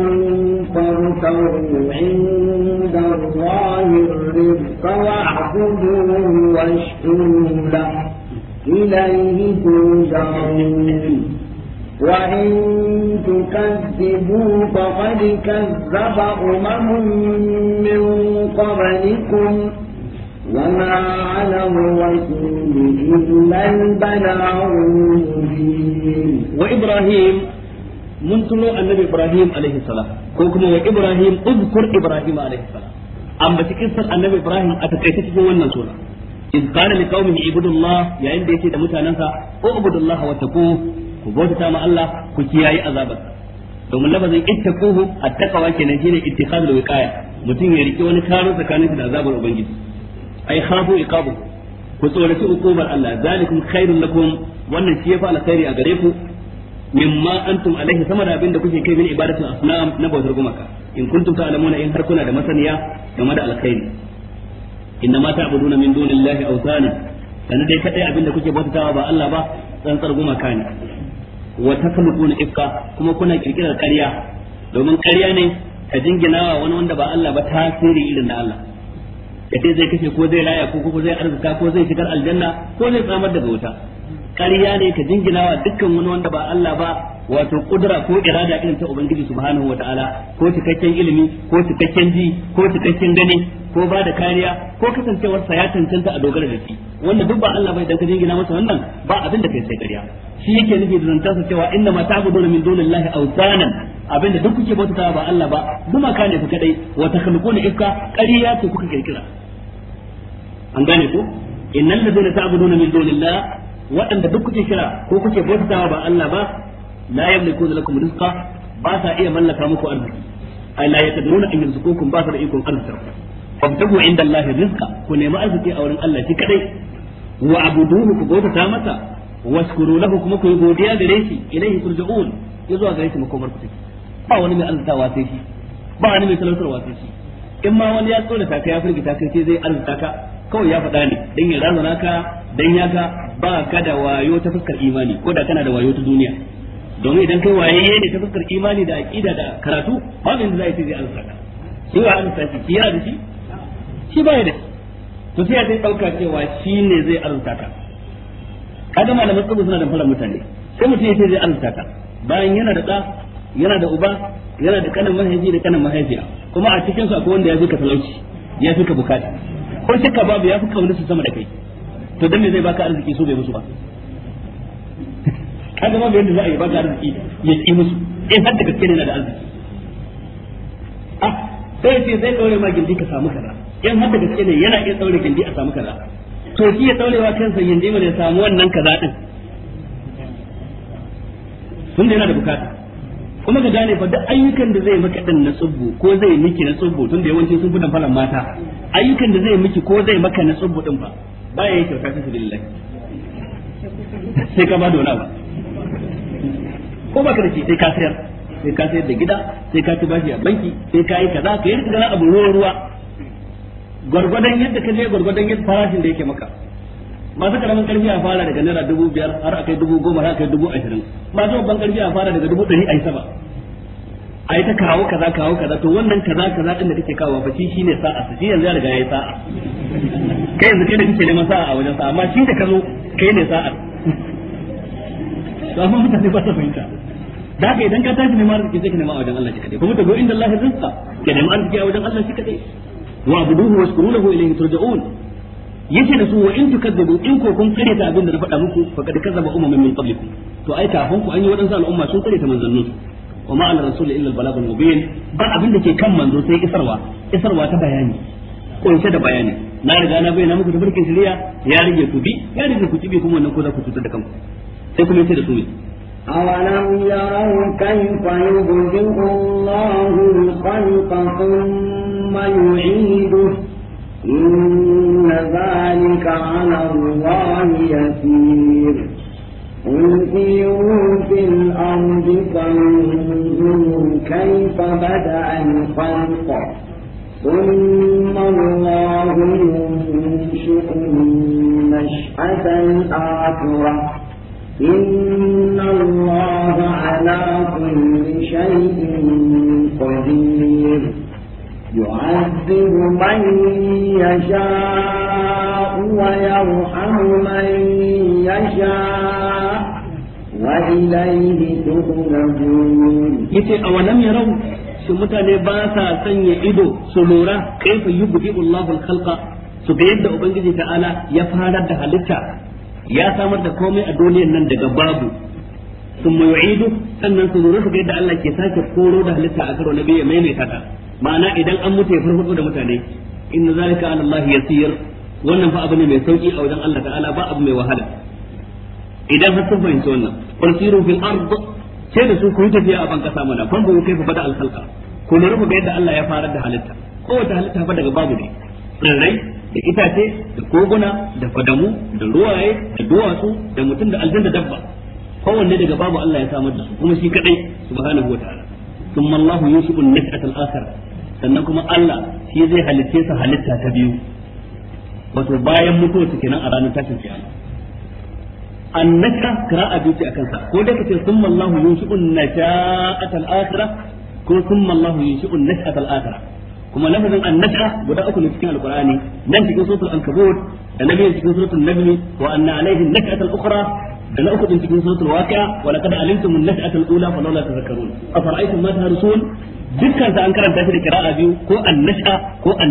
S2: فارتروا عند الله الرزق واعبدوه واشكروا له إليه ترجعون وإن تكذبوا فقد كذب أمم من قبلكم وما على الرسول إلا
S1: البلاغ المبين وإبراهيم mun tuno annabi Ibrahim alaihi salam ko kuma wa Ibrahim uzkur Ibrahim alaihi salam ambaci annabi Ibrahim a takaice cikin wannan sura in kana li qaumihi ibudullah yayin da yake da mutanansa ko ibudullah wa taqu ku ma Allah ku kiyaye azabar domin lafazin ittaquhu at-taqwa kenan shine ittikhadul wiqaya mutum ya rike wani karo tsakanin da azabar ubangiji ai khafu iqabu ku tsoraci hukumar Allah zalikum khairul lakum wannan shi yafi alkhairi a gare ku mimma antum alaihi sama da abinda kuke kai min ibadatul asnam na bautar gumaka in kuntum ta'lamuna in har kuna da masaniya game da alkhairi inna ma ta'buduna min dunillahi awtana dan dai kadai abin da kuke bautawa ba Allah ba tsantsar gumaka ne wa takhluquna ifka kuma kuna kirkirar ƙarya domin ƙarya ne ka jinginawa wani wanda ba Allah ba tasiri irin da Allah yace zai kashe ko zai laya ko kuma zai arzika ko zai shigar aljanna ko zai tsamar daga wuta ƙarya ne ka jinginawa dukkan wani wanda ba Allah ba wato kudura ko irada irin ta ubangiji subhanahu wataala ko cikakken ilimi ko cikakken ji ko cikakken gani ko ba da kariya ko kasancewar sa ya cancanta a dogara da shi wanda duk ba Allah bai dan ka jingina masa wannan ba abin da kai sai ƙarya shi yake nufi da zantarsa cewa inna ma ta'buduna min dunillahi awsanan abinda duk kuke bautawa ba Allah ba gumaka ne ku kadai wa takhluquna ifka ƙarya ce kuka kirkira an gane ko innal ladina ta'buduna min dunillah waɗanda duk kuke kira ko kuke bautawa ba Allah ba la yamlikuna lakum rizqa ba sa iya mallaka muku arziki ai la yaqdiruna an yarzuqukum ba sa da ikon arziki fabtagu inda Allah rizqa ku nemi arziki a wurin Allah shi kadai wa abuduhu ku bautata masa waskuru lahu kuma ku yi godiya gare shi ilaihi turja'un zuwa gare shi makomar ku take ba wani mai arzikawa sai shi ba wani mai talautarwa sai shi in ma wani ya tsora ta ka ya firgita kai sai zai arzika ka kawai ya faɗa ne dan ya razana ka dan ya ga ba ka da wayo ta fuskar imani ko da kana da wayo ta duniya
S2: domin idan kai waye
S1: ne ta fuskar imani da aqida da karatu babin da zai ce zai ansa ka shi wa ansa shi yana da shi shi baya da to sai ya dauka cewa shi ne zai arzuta ka kaga malaman tsubu suna da fara mutane sai mutum ya ce zai arzuta ka bayan yana da da yana da uba yana da kanin mahaifi da kanin mahaifiya kuma a cikin su akwai wanda ya fi ka talauci ya fi ka bukata ko kika babu ya fi kaunar su sama da kai to dan me zai baka arziki so bai musu ba kaga babu yadda za a yi baka arziki ya ci musu in har da gaske ne na da arziki ah sai ce zai daure ma gindi ka samu kaza in har da gaske ne yana iya daure gindi a samu kaza to shi ya daurewa kansa gindi mai samu wannan kaza din sun da yana da bukata kuma ka gane fa duk ayyukan da zai maka din na tsubbu ko zai miki na tsubbu tun da yawancin sun fudan falan mata ayyukan da zai miki ko zai maka na tsubbu din ba ba ya yi kyauta ta sabilillah
S3: sai ka ba da ba
S1: ko ba ka da shi sai ka sayar sai ka sayar da gida sai ka ci bashi a banki sai ka yi kaza ka yi rika abu ruwa ruwa gwargwadon yadda ka je gwargwadon yadda farashin da yake maka masu karamin karfi a fara daga naira dubu biyar har akai dubu goma har akai dubu ashirin masu babban karfi a fara daga dubu ɗari a yi saba a yi ta kawo kaza kawo kaza to wannan kaza kaza ɗin da kake kawo ba shi ne sa'a su shi yanzu ya riga yi sa'a kai yanzu kai da kake neman sa'a a wajen sa'a amma shi da ka zo kai ne sa'a to amma mutane ba su fahimta da haka idan ka tashi neman arziki sai ka neman a wajen Allah shi kaɗai kuma ta go inda Allah ya rizqa ka neman arziki a wajen Allah shi kaɗai. wa abuduhu washkuru lahu ilayhi turja'un yace da su wa in tukazzabu in ko kun kare ta abin da na faɗa muku faqad kazzaba ummun min qablikum to ai kafin ku an yi wadansu al'umma sun kare ta manzannin wa ma ala rasul illa al balagh al mubin ba abin da ke kan manzo sai isarwa isarwa ta bayani kunshe da bayani na riga na bayyana muku tafarkin shari'a ya rage ku bi ya rage ku tibi kuma wannan ko za ku cutar da kanku sai kuma yace da su ne
S2: أولم يروا كيف يبدئ الله الخلق ثم يعيده إن ذلك على الله يسير قل سيروا في الأرض فانظروا كيف بدأ الخلق ثم الله ينشئ النشأة الآخرة إن الله على كل شيء قدير يعذب من يشاء ويرحم من يشاء وإليه تخرجون يتي أولم يروا
S1: mutane ba sa sanya ido su lura kaifa yubdi Allahu al-khalqa su ga yadda ubangiji ta'ala ya farar da halitta ya samar da komai a duniyar nan daga babu sun mai sannan su lura su ga yadda Allah ke sake koro da halitta a karo na biyu ya maimaita ta ma'ana idan an mutu ya farfado da mutane inna zalika ala Allah yasir wannan fa abu ne mai sauki a wajen Allah ta'ala ba abu mai wahala idan har sun fahimci wannan farsiru fil ard sai da su ku tafiya a ban kasa mana kun ku kai fa bada al-khalqa ku lura ku ga yadda Allah ya farar da halitta kowace halitta fa daga babu ne tsirrai da itace da koguna da fadamu da ruwaye da duwatsu da mutum da aljanna dabba kowanne daga babu Allah ya samar da su kuma shi kadai subhanahu wa ta'ala thumma Allahu yushibu an-nash'ata al sannan kuma Allah shi zai halitte sa halitta ta biyu wato bayan mutuwa su kenan a ranar tashin kiyama annaka qira'a biyu ce akan ko da kace thumma Allahu yushibu an-nash'ata al-akhirah ko thumma Allahu yushibu an-nash'ata al-akhirah kuma lafazin annaka guda uku ne cikin alqur'ani nan da nabi cikin suratul najm wa anna alaihi an-nash'ata da na uku din cikin suratul waqi'a wa laqad alimtum an-nash'ata al-ula fa lawla tadhakkarun afara'aytum ma tahrusun dukkan sa an karanta shi da qira'a biyu ko an ko an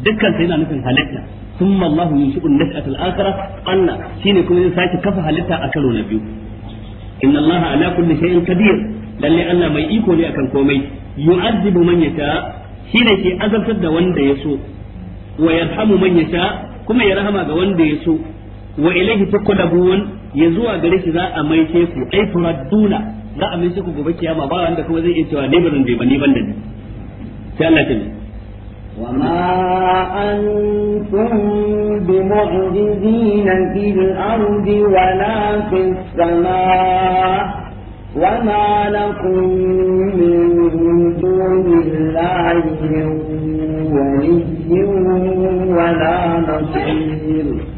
S1: dukkan sa yana nufin halitta thumma Allah yunshi'u an-nash'ata al-akhirah Allah shine kuma zai sake kafa halitta a karo na biyu inna Allah ala kulli shay'in qadir Allah mai iko ne akan komai yu'adhibu shine ke azabtar da wanda ya so wa yarhamu man yasha kuma ya rahama ga wanda ya so wa ilaihi tuqlabun ya zuwa gare shi za a maishe ku ai turadduna za a maishe ku gobe kiyama ba wanda kuma zai iya cewa ne ban da ni ban da ni sai Allah ta wa ma
S2: antum bi mu'jizina fil ardi wa la fis sama wa لكم من دون الله من ولي ولا نصير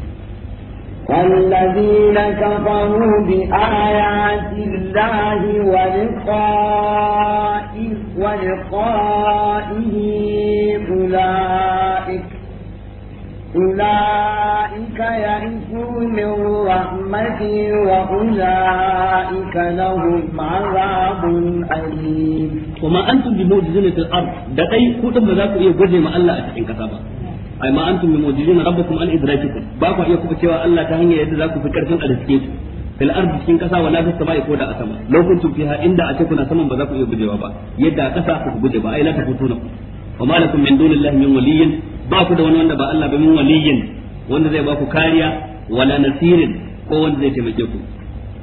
S2: والذين كفروا بآيات الله ولقائه ولقائه أولئك أولئك يئسوا من رحمتي وأولئك لهم عذاب
S1: أليم وما أنتم بموجزين في الأرض دقي كتب ذاك يقول ما الله أتحين كتابا ai ma antum bi mu'jizina rabbakum an idrakikum ba ku iya kuma cewa Allah ta hanyar yadda za ku fi karfin arzikin ku fil ardi cikin kasa wa nafis sama'i ko da asama lokacin fiha inda a ce kuna saman ba za ku iya gujewa ba yadda a kasa ku guje ba ai la na wa ma lakum min dunillahi min waliyyin ba ku da wani wanda ba Allah ba min waliyyin wanda zai ba ku kariya wala nasirin ko wanda zai taimake ku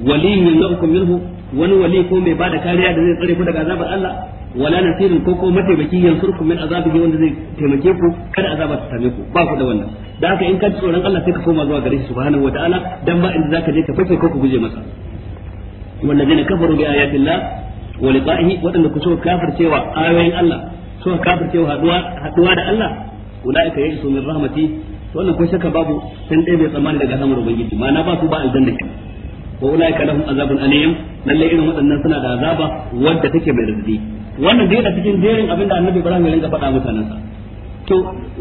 S1: waliyyin lakum minhu wani wali ko mai bada kariya da zai tsare ku daga azabar Allah wala nasirin ko ko mataimaki yansurkum min azabihi wanda zai taimake ku kada azaba ta same ku ba ku da wannan da haka in ka tsoron Allah sai ka koma zuwa gare shi subhanahu wataala dan ba inda zaka je ka fake ko ku guje masa wallazina kafaru bi ayati Allah wa liqa'ihi wadanda ku so kafir cewa ayoyin Allah so kafir cewa haduwa haduwa da Allah ulaika yajisu min rahmati wannan ko shakka babu sun dai bai tsammani daga hamar ubangiji ma'ana ba su ba aljanna wa ulaika lahum azabun alim lalle irin wadannan suna da azaba wadda take mai rizqi wannan da cikin jerin abin da annabi ibrahim ya rinka faɗa sa to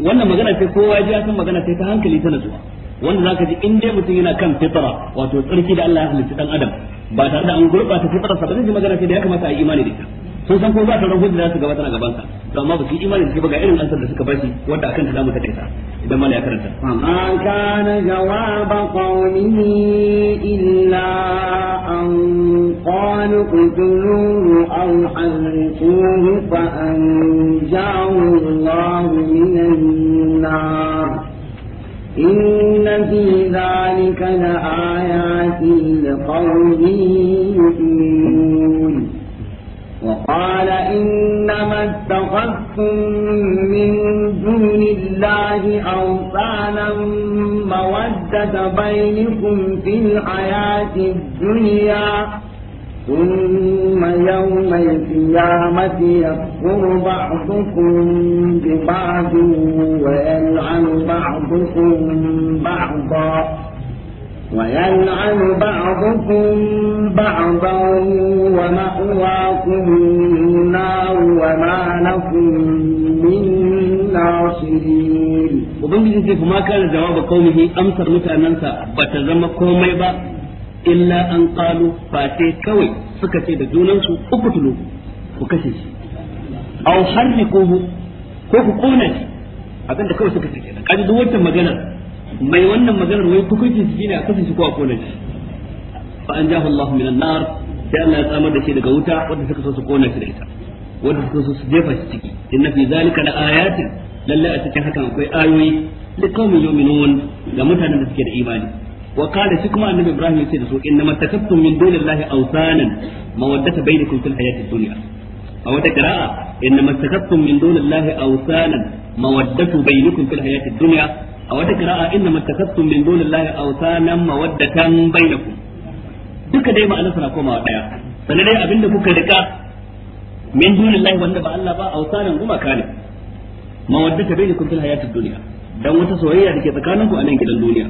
S1: wannan magana ce kowa ya san magana ce ta hankali ta natsuwa wanda zaka ji in dai mutum yana kan fitra wato tsarki da Allah ya halitta dan adam ba tare da an gurbata fitra sa ba zai ji magana ce da ya kamata a yi imani da ita sun san ko ba ta rahu da su gaba tana gaban sa to amma ba su imani da ga irin ansar da suka shi wanda akan ta zamu ta kaita idan mala ya karanta An
S2: kana jawaba qawmihi illa قال اقتلوه أو حرقوه فأنجاه الله من النار إن في ذلك لآيات لقوم يؤمنون وقال إنما اتخذتم من دون الله أوثانا مودة بينكم في الحياة الدنيا ثم يوم القيامة يكفر بعضكم ببعض ويلعن بعضكم بعضا ويلعن بعضكم بعضا ومأواكم النار وما لكم من ناصرين
S1: وبنجد ما كان جواب قومه أمسر مثل ننسى بتزم قومي illa an qalu fa kawai suka ce da junansu uqtulu ku kashe shi aw harriquhu ko ku kona shi abin da kawai suka ce kenan kaji duk wannan magana mai wannan maganar wai hukuncin shi ne a kashe shi ko a kona shi fa anjahu Allahu minan nar sai Allah ya tsamar da shi daga wuta wanda suka so su kona shi da ita wanda suka so su jefa shi ciki inna fi zalika la ayatin lalle a cikin hakan akwai ayoyi da liqaumin yu'minun ga mutanen da suke da imani wa qala shi kuma annabi ibrahim yace da su inna mattakattum min dunillahi awsanan mawaddata bainakum fil hayatid dunya a wata qira'a inna mattakattum min dunillahi awsanan mawaddatu bainakum fil hayatid dunya a wata qira'a inna mattakattum min dunillahi awsanan duka dai ma'anar suna komawa daya sanan dai abinda kuka rika min dunillahi wanda ba Allah ba awsanan gumaka ne mawaddata bainakum fil hayatid dunya dan wata soyayya da ke tsakaninku a nan gidan duniya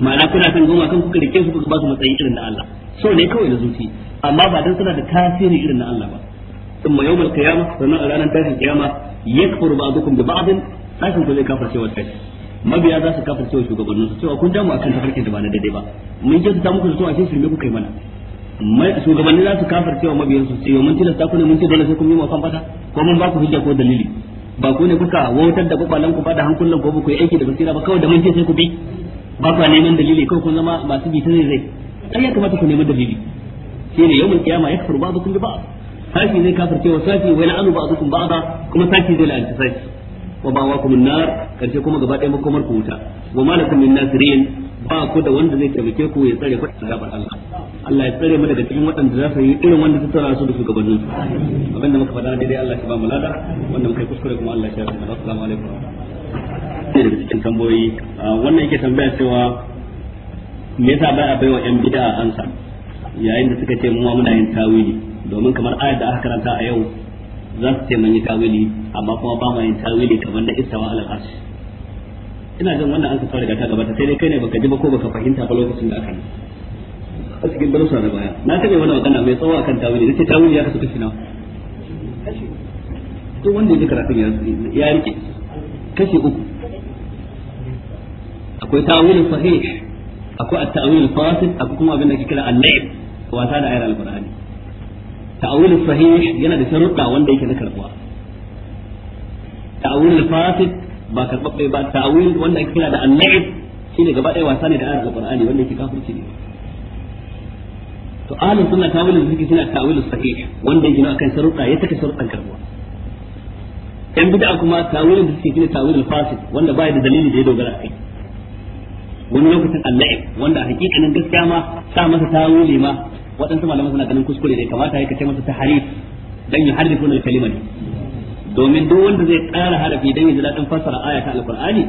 S1: ma'ana kuna san goma kan kuka rike su kuka ba su matsayi irin na Allah so ne kawai da zuci amma ba dan suna da tasiri irin na Allah ba thumma yawmal qiyamah sannan a ranar tashin kiyama yakfuru ba'dukum bi ba'din tashin ku zai kafarce wa tashi mabiya za su kafarce wa shugabannin su cewa kun damu akan tafarkin da ba na daidai ba mun ji ta muku su to a shirme ku kai mana shugabanni za su kafarce wa mabiyan su cewa mun tilasta ku ne mun ce dole sai kun yi mafan fata ko mun ba ku hujja ko dalili ba ku ne kuka wautar da kwakwalan ku ba da hankulan ko ba ku yi aiki da basira ba kawai da mun ce sai ku bi ba ku neman dalili kawai kun zama masu bi ta zai zai ai ya kamata ku nemi dalili shi ne yawmul kiyama yakfur ba'dukum bi ba'd sashi zai kafirce wa sashi wa la'anu ba'dukum ba'da kuma sashi zai la'anta sashi wa ba wakum an-nar karshe kuma gaba ɗaya makomar ku wuta wa malakum min nasirin ba ku da wanda zai taimake ku ya tsare ku daga Allah Allah ya tsare mu daga cikin waɗanda za su yi irin wanda su tsara su da shugabannin su abinda muka faɗa daidai Allah shi ba mu lada wanda muka kuskure kuma Allah shi ya shafe mu assalamu alaikum ne daga cikin tambayoyi ah, wannan yake tambaya cewa me yasa ba a baiwa yan bid'a ansa yayin da suka ce mu ma muna yin tawili domin kamar ayar da aka karanta a yau za su ce mun yi tawili amma kuma ba mu yin tawili kamar da istawa alal arsh ina jin wannan an ka fara ta gaba sai dai kai ne baka ji ba ko baka fahimta ba lokacin da aka a cikin darussa na baya na tabe wani magana mai tsawo akan tawili nace tawili ya kasu kashi nawa kashi to wanda ya ji karatun ya rike kashi uku akwai ta'awilin sahih akwai at-ta'wil fasid akwai kuma abin da ake kira al-layb wasa da ayar al-qur'ani ta'wil sahih yana da sharuɗa wanda yake na karbuwa ta'wil fasid ba karbabbe ba ta'wil wanda ake kira da al-layb shine gaba ɗaya wasa ne da ayar al-qur'ani wanda yake kafirci ne to ahlus sunna ta'awilin suke suna ta'wilus sahih wanda yake kan sharuɗa ya take sharuɗan karbuwa yan bid'a kuma ta'wilin da suke shine ta'wilul fasid wanda baya da dalili da ya dogara kai wani lokacin allai wanda a hakikanin gaskiya ma sa masa tawili ma waɗansu malamai suna ganin kuskure ne kamata ya kace masa taharif dan ya harifu na kalima ne domin duk wanda zai ƙara harafi dan ya ji daɗin fassara aya ta alqur'ani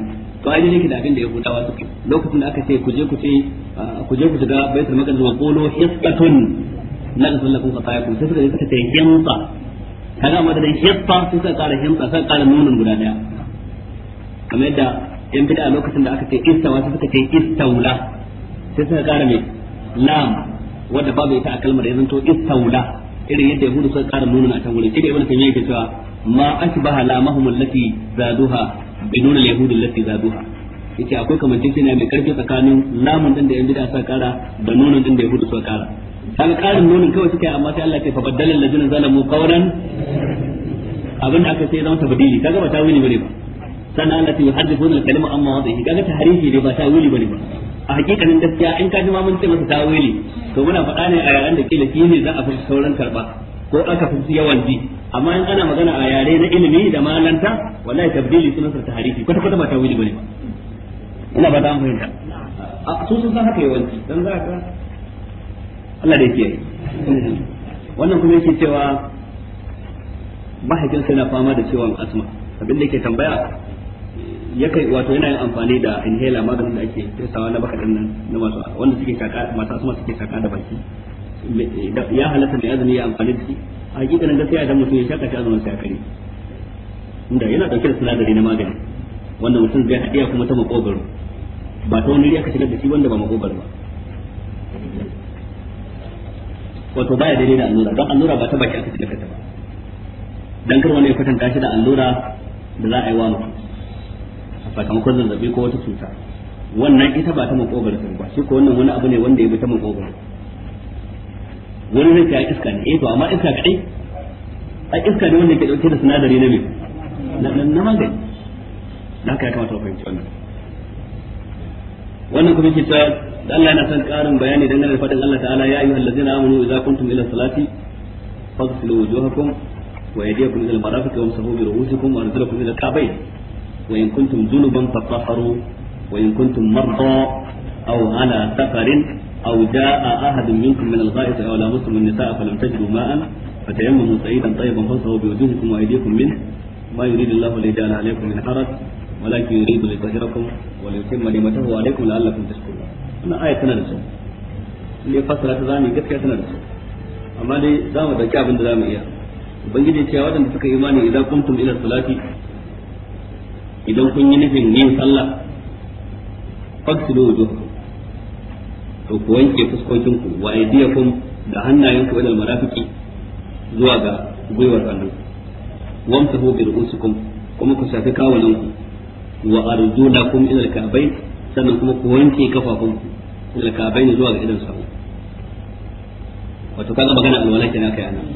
S1: to ai ne da abin da ya hudawa suke lokacin da aka ce ku je ku ce ku je ku shiga baitul maqdis wa qulu hisbatun nagfir lakum khatayakum sai suka yi ce hinsa kaga madadin hinsa sai suka ƙara hinsa sai ƙara nunin guda ɗaya kamar yadda in bid'a lokacin da aka ce istawa sai suka ce istaula sai suka kara mai lam wanda babu ita a kalmar ya zanto istaula irin yadda yahudu suka kara nuna a can wurin shi ibn taymiya yake cewa ma ashbaha lamahum allati zaduha bi nun al-yahud allati zaduha yace akwai kamanceceniya mai karfi tsakanin lamun din da yan bid'a suka kara da nunun din da yahudu suka kara kaga karin nunin kawai suka yi amma sai Allah ya fa baddala allazina zalamu qawlan abinda aka sai zama tabdili kaga ba tawili bane ba sannan Allah ta yuhaddithuna al-kalima amma wadhihi kaga tahrifi ne ba tawili bane ba a hakikanin gaskiya in ka ji ma mun ce masa tawili to muna faɗa ne a yaran da kila ne za a fi sauran karba ko aka fi yawan ji amma in ana magana a yare na ilimi da malanta wallahi tabdili suna sa tahrifi kwata kwata ba tawili bane ba
S3: ina ba ta fahimta
S1: a su sun san haka yawanci dan za ka Allah da yake wannan kuma yake cewa mahaifinsa yana fama da ciwon asma abin da yake tambaya yakan wato yana yin amfani da inhaler maganin da ake fesawa na baka din nan na masu wanda suke shaka masu asma suke shaka da baki ya halatta mai azumi ya amfani da shi a nan gaskiya idan mutum ya shaka shi azumin sa kare inda yana dauke da sinadari na magani wanda mutum zai hadiya kuma ta makogaro ba ta wani riya shigar da shi wanda ba makogaro ba wato baya daidai da allura don allura ba ta baki aka shigar ta ba dan kar wani ya kwatanta shi da allura da za a yi wa mutum sakamakon zazzabi ko wata cuta wannan ita ba ta makogaro sun ba shi ko wannan wani abu ne wanda ya bi ta makogaro wani zai ya iska ne eh to amma iska kaɗai a iska ne wanda ke dauke da sinadari na me na magani dan ka ya kamata ku fahimci wannan wannan kuma ke cewa da Allah yana son ƙarin bayani dangane da fadin Allah ta'ala ya yi ayyuhal ladzina amanu idza kuntum ila salati faghsilu wujuhakum wa yadiyakum ila al-marafiq wamsahu bi ru'usikum wa arjulakum ila al-ka'bayn وإن كنتم جنبا فطهروا وإن كنتم مرضى أو على سفر أو جاء أحد منكم من الغائط أو لامستم النساء فلم تجدوا ماء فتيمموا سعيدا طيبا فانصروا بوجوهكم وأيديكم منه ما يريد الله ليجعل عليكم من حرج ولكن يريد ليطهركم وليتم نعمته عليكم لعلكم تشكرون. أنا آية تنا لسوء. اللي فسرت زامي قد كانت تنا لسوء. أما لي زامد أجاب من زامي إياه. ubangiji cewa waɗanda suka imani idan kuntum ila salati idan kun yi nufin yin sallah faksidu wujuhakum to ku wanke fuskokin ku wa aidiyakum da hannayen ku ilal marafiki, zuwa ga gwiwar hannu wamsahu bi ru'usikum kuma ku shafi kawunan ku wa arjulakum ilal ka'bayn sannan kuma ku wanke kafafun ku ilal ka'bayn zuwa ga idan sawu wato kaga magana alwala kenan kai anan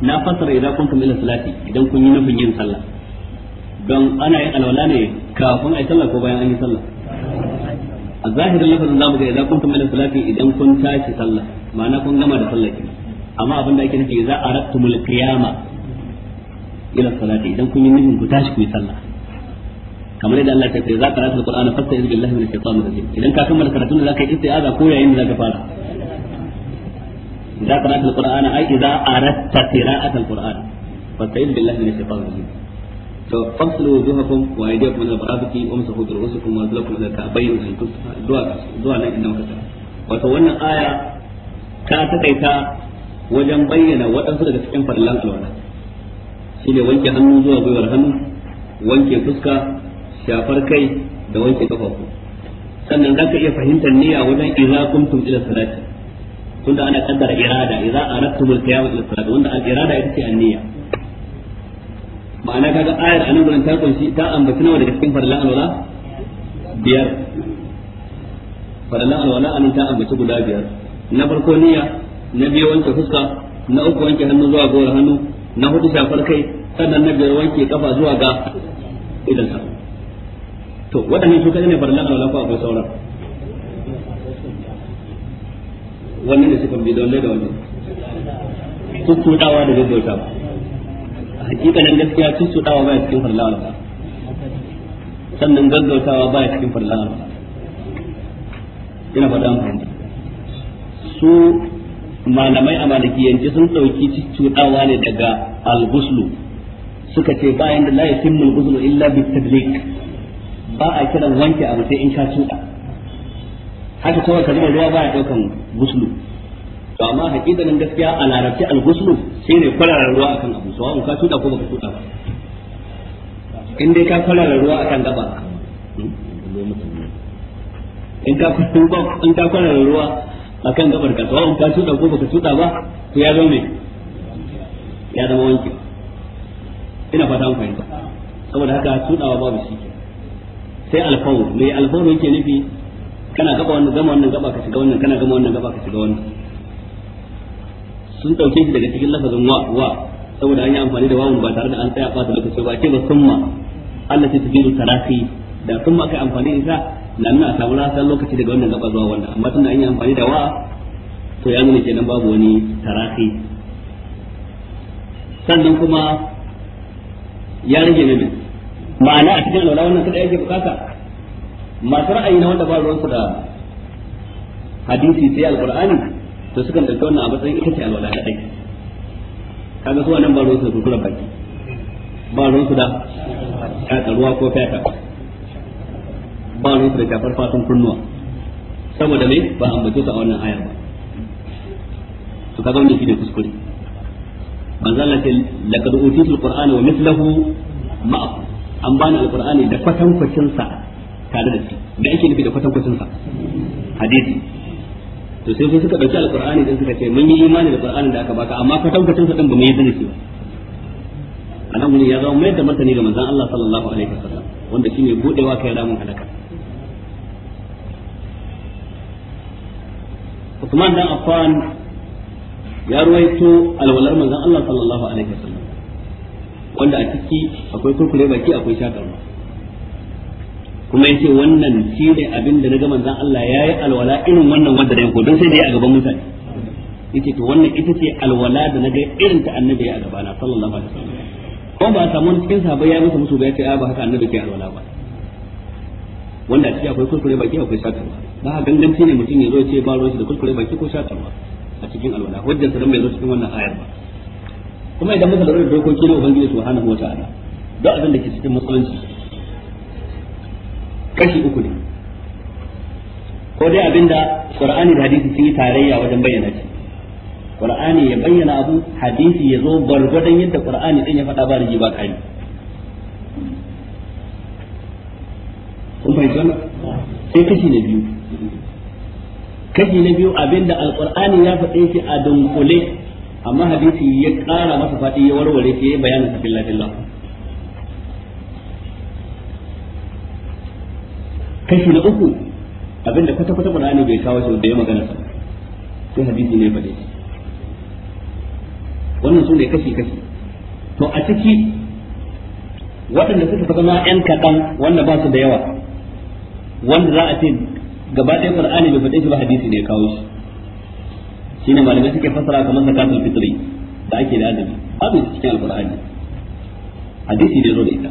S1: na fasara idan kuntum ila salati idan kun yi nufin yin sallah don ana yin alwala ne kafin a yi sallah ko bayan an yi sallah a zahirin lafazin zamu ga idan kun min salati idan kun tashi sallah ma'ana kun gama da sallah amma abin da ake nufi za a mul qiyama ila salati idan kun yi nufin ku tashi ku yi sallah kamar yadda Allah ta ce za ka rasa Qur'ani fasta iz billahi minash shaitanir rajim idan ka kammala karatun da zaka yi istiaza ko yayin da zaka fara إذا قرأت القرآن أي إذا أردت قراءة القرآن فاستعذ بالله من الشيطان الرجيم to faslu wato wannan aya ta takaita wajen bayyana waɗansu daga cikin fadlan alwala ne wanke hannu zuwa gwiwar hannu wanke fuska shafar kai da wanke kafafu sannan ka iya fahimtar niyya wajen idza kuntum ila salati tunda ana kaddara irada idza aradtum al-qiyam ila salati wanda al-irada ita ce an-niyya ma'ana kaga ayar anan gurin ta kunshi ta ambaci nawa daga cikin farlan alwala biyar farlan alwala anan ta ambaci guda biyar na farko niyya na biyu wanke fuska na uku wanke hannu zuwa gowar hannu na hudu shafar kai sannan na biyar wanke kafa zuwa ga idan sa to waɗannan su kaɗai ne farlan alwala ko akwai sauran wannan da suka bi da wannan da wannan
S3: tuttuɗawa da gaggautawa hakikanin gaskiya tun su dawa baya cikin farlan
S1: ba sannan gaggautawa baya cikin farlan ba ina faɗa fahimta su malamai a malikiyance sun ɗauki cuɗawa ne daga al-ghuslu suka ce bayan da la yatimmu al-ghuslu illa bi tadlik ba a kiran wanke abu sai in ka cuɗa haka kawai ka zuba ruwa baya ɗaukan ghuslu to amma hakikanin gaskiya a larabci al-ghuslu shine kwararar ruwa akan abu in ka tuda ko baka tuda ba in dai ka kwararar ruwa akan gaba in ka in ka kwararar ruwa akan gabar ka in ka tuda ko baka tuda ba to ya zama ya zama wanki ina fata an fahimta saboda haka tudawa babu shi sai alfawo mai alfawo yake nufi kana gaba wannan gama wannan gaba ka shiga wannan kana gama wannan gaba ka shiga wannan sun dauke shi daga cikin lafazin wa wa saboda an yi amfani da wawun ba tare da an tsaya fata lokaci ba ke ba summa Allah sai da tarafi da summa kai amfani da ita na a samu rasa lokaci daga wannan gaba zuwa wannan amma tunda an yi amfani da wa to ya nuna kenan babu wani tarafi sannan kuma ya rage mai ma'ana a cikin alwala wannan kada yake bukata masu ra'ayi na wanda ba ruwansu da hadisi sai alqur'ani to sukan dauki wannan a matsayin ita ce alwala kadai kaga su wannan ba ruwan su da kukurar baki ba ruwan su da kaka ruwa ko fata ba ruwan su da kafar fatan kunnuwa saboda mai ba ambace su a wannan ayar ba to kaga shi ne kuskure manzo Allah ce laqad utitu alqur'ana wa mithluhu ma'a an bani alqur'ani da kwatankwacin sa tare da shi da yake nufi da kwatankwacin sa hadisi to sai sai suka dauki alqur'ani din suka ce mun yi imani da qur'anin da aka baka amma ka tabbatar sa din ba mu yi zani ba anan mun ya zama mai da martani ga manzon Allah sallallahu alaihi wasallam wanda shine budewa kai ramun halaka Usman dan Affan ya ruwaito alwalar manzon Allah sallallahu alaihi wasallam wanda a ciki akwai kurkure baki akwai shakarwa kuma yace wannan shi ne abin da naga manzon Allah yayi alwala irin wannan wanda da yanko don sai dai a gaban mutane yace to wannan ita ce alwala da naga irin ta annabi ya gaba na sallallahu alaihi wasallam ko ba a samu cikin sahabbai ya musu musu ba yace ah, ba haka annabi ke alwala ba wanda a akwai kurkure baki akwai shatarwa ba ha ganganci ne mutum ya zo ce ba ruwan shi da kurkure baki ko shatarwa a cikin alwala hujjar sa dan bai zo cikin wannan ayar ba kuma idan muka lura da dokokin ubangiji subhanahu wataala duk abin da ke cikin musulunci kashi uku ne ko dai abinda qur'ani da hadisi sun yi tarayya wajen bayyana shi qur'ani ya bayyana abu hadisi ya zo gwargwadon yadda qur'ani din ya faɗa ba rigi ba kari kun sai kashi na biyu kashi na biyu abinda alqur'ani ya faɗe shi a dunkule amma hadisi ya ƙara masa faɗi ya warware shi ya bayanin sa lafiya kashi na uku abinda kwata kwata qur'ani bai kawo shi da ya magana sa sai hadisi ne fade wannan sune kashi kashi to a ciki waɗanda suka fi zama yan kaɗan wanda ba su da yawa wanda za a ce gaba ɗaya qur'ani bai faɗe shi ba hadisi ne kawo shi shine malamai suke fasara kamar zakatul fitri da ake da azumi babu cikin alqur'ani hadisi ne zo da ita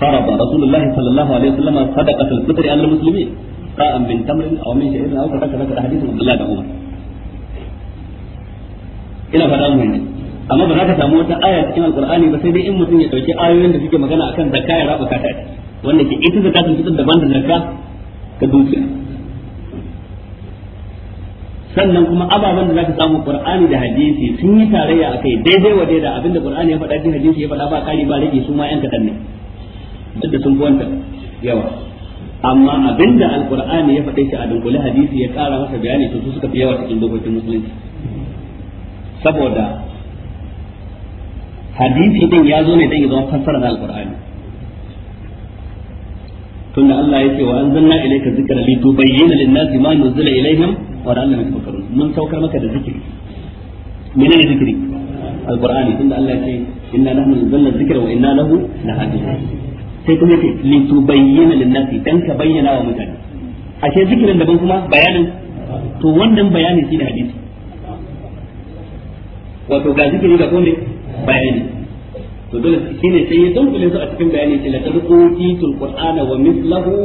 S1: فرض رسول الله صلى الله عليه وسلم صدقة الفطر على المسلمين قاء من تمر أو من شعير أو كذا كذا كذا حديث عبد الله بن عمر ina faɗa mu ne amma ba za من samu بس aya cikin alqur'ani ba sai dai in mutum ya dauki ayoyin da suke magana akan zakka ya raba kata ke ita zakatul fitr daban da zakka ta dukiya sannan kuma ababen da zaka samu qur'ani da hadisi sun yi tarayya akai daidai wa daidai abinda qur'ani ya faɗa cikin hadisi ya faɗa ba kari ba rage su ma yan kadan ne duk da sun fi yawa amma abinda alkur'ani ya faɗe shi a dunkule hadisi ya ƙara masa bayani to su suka fi yawa cikin dokokin musulunci saboda hadisi din ya zo ne dan ya zama fassara da alqur'ani tunda Allah ya ce wa anzalna ilayka dhikra li tubayyana lin-nasi ma nuzila ilayhim wa la'allahum yatafakkarun mun saukar maka da zikiri menene zikiri alkur'ani tunda Allah ya ce inna nahnu nazzalna dhikra wa inna lahu lahafizun sai kuma yace li tubayyana lin nasi dan ka bayyana wa mutane ashe zikirin daban kuma bayanin to wannan bayanin shine hadisi wato ga zikiri ga kuma bayani to dole shine sai ya dunkule su a cikin bayani ce la tadqutul qur'ana wa mithluhu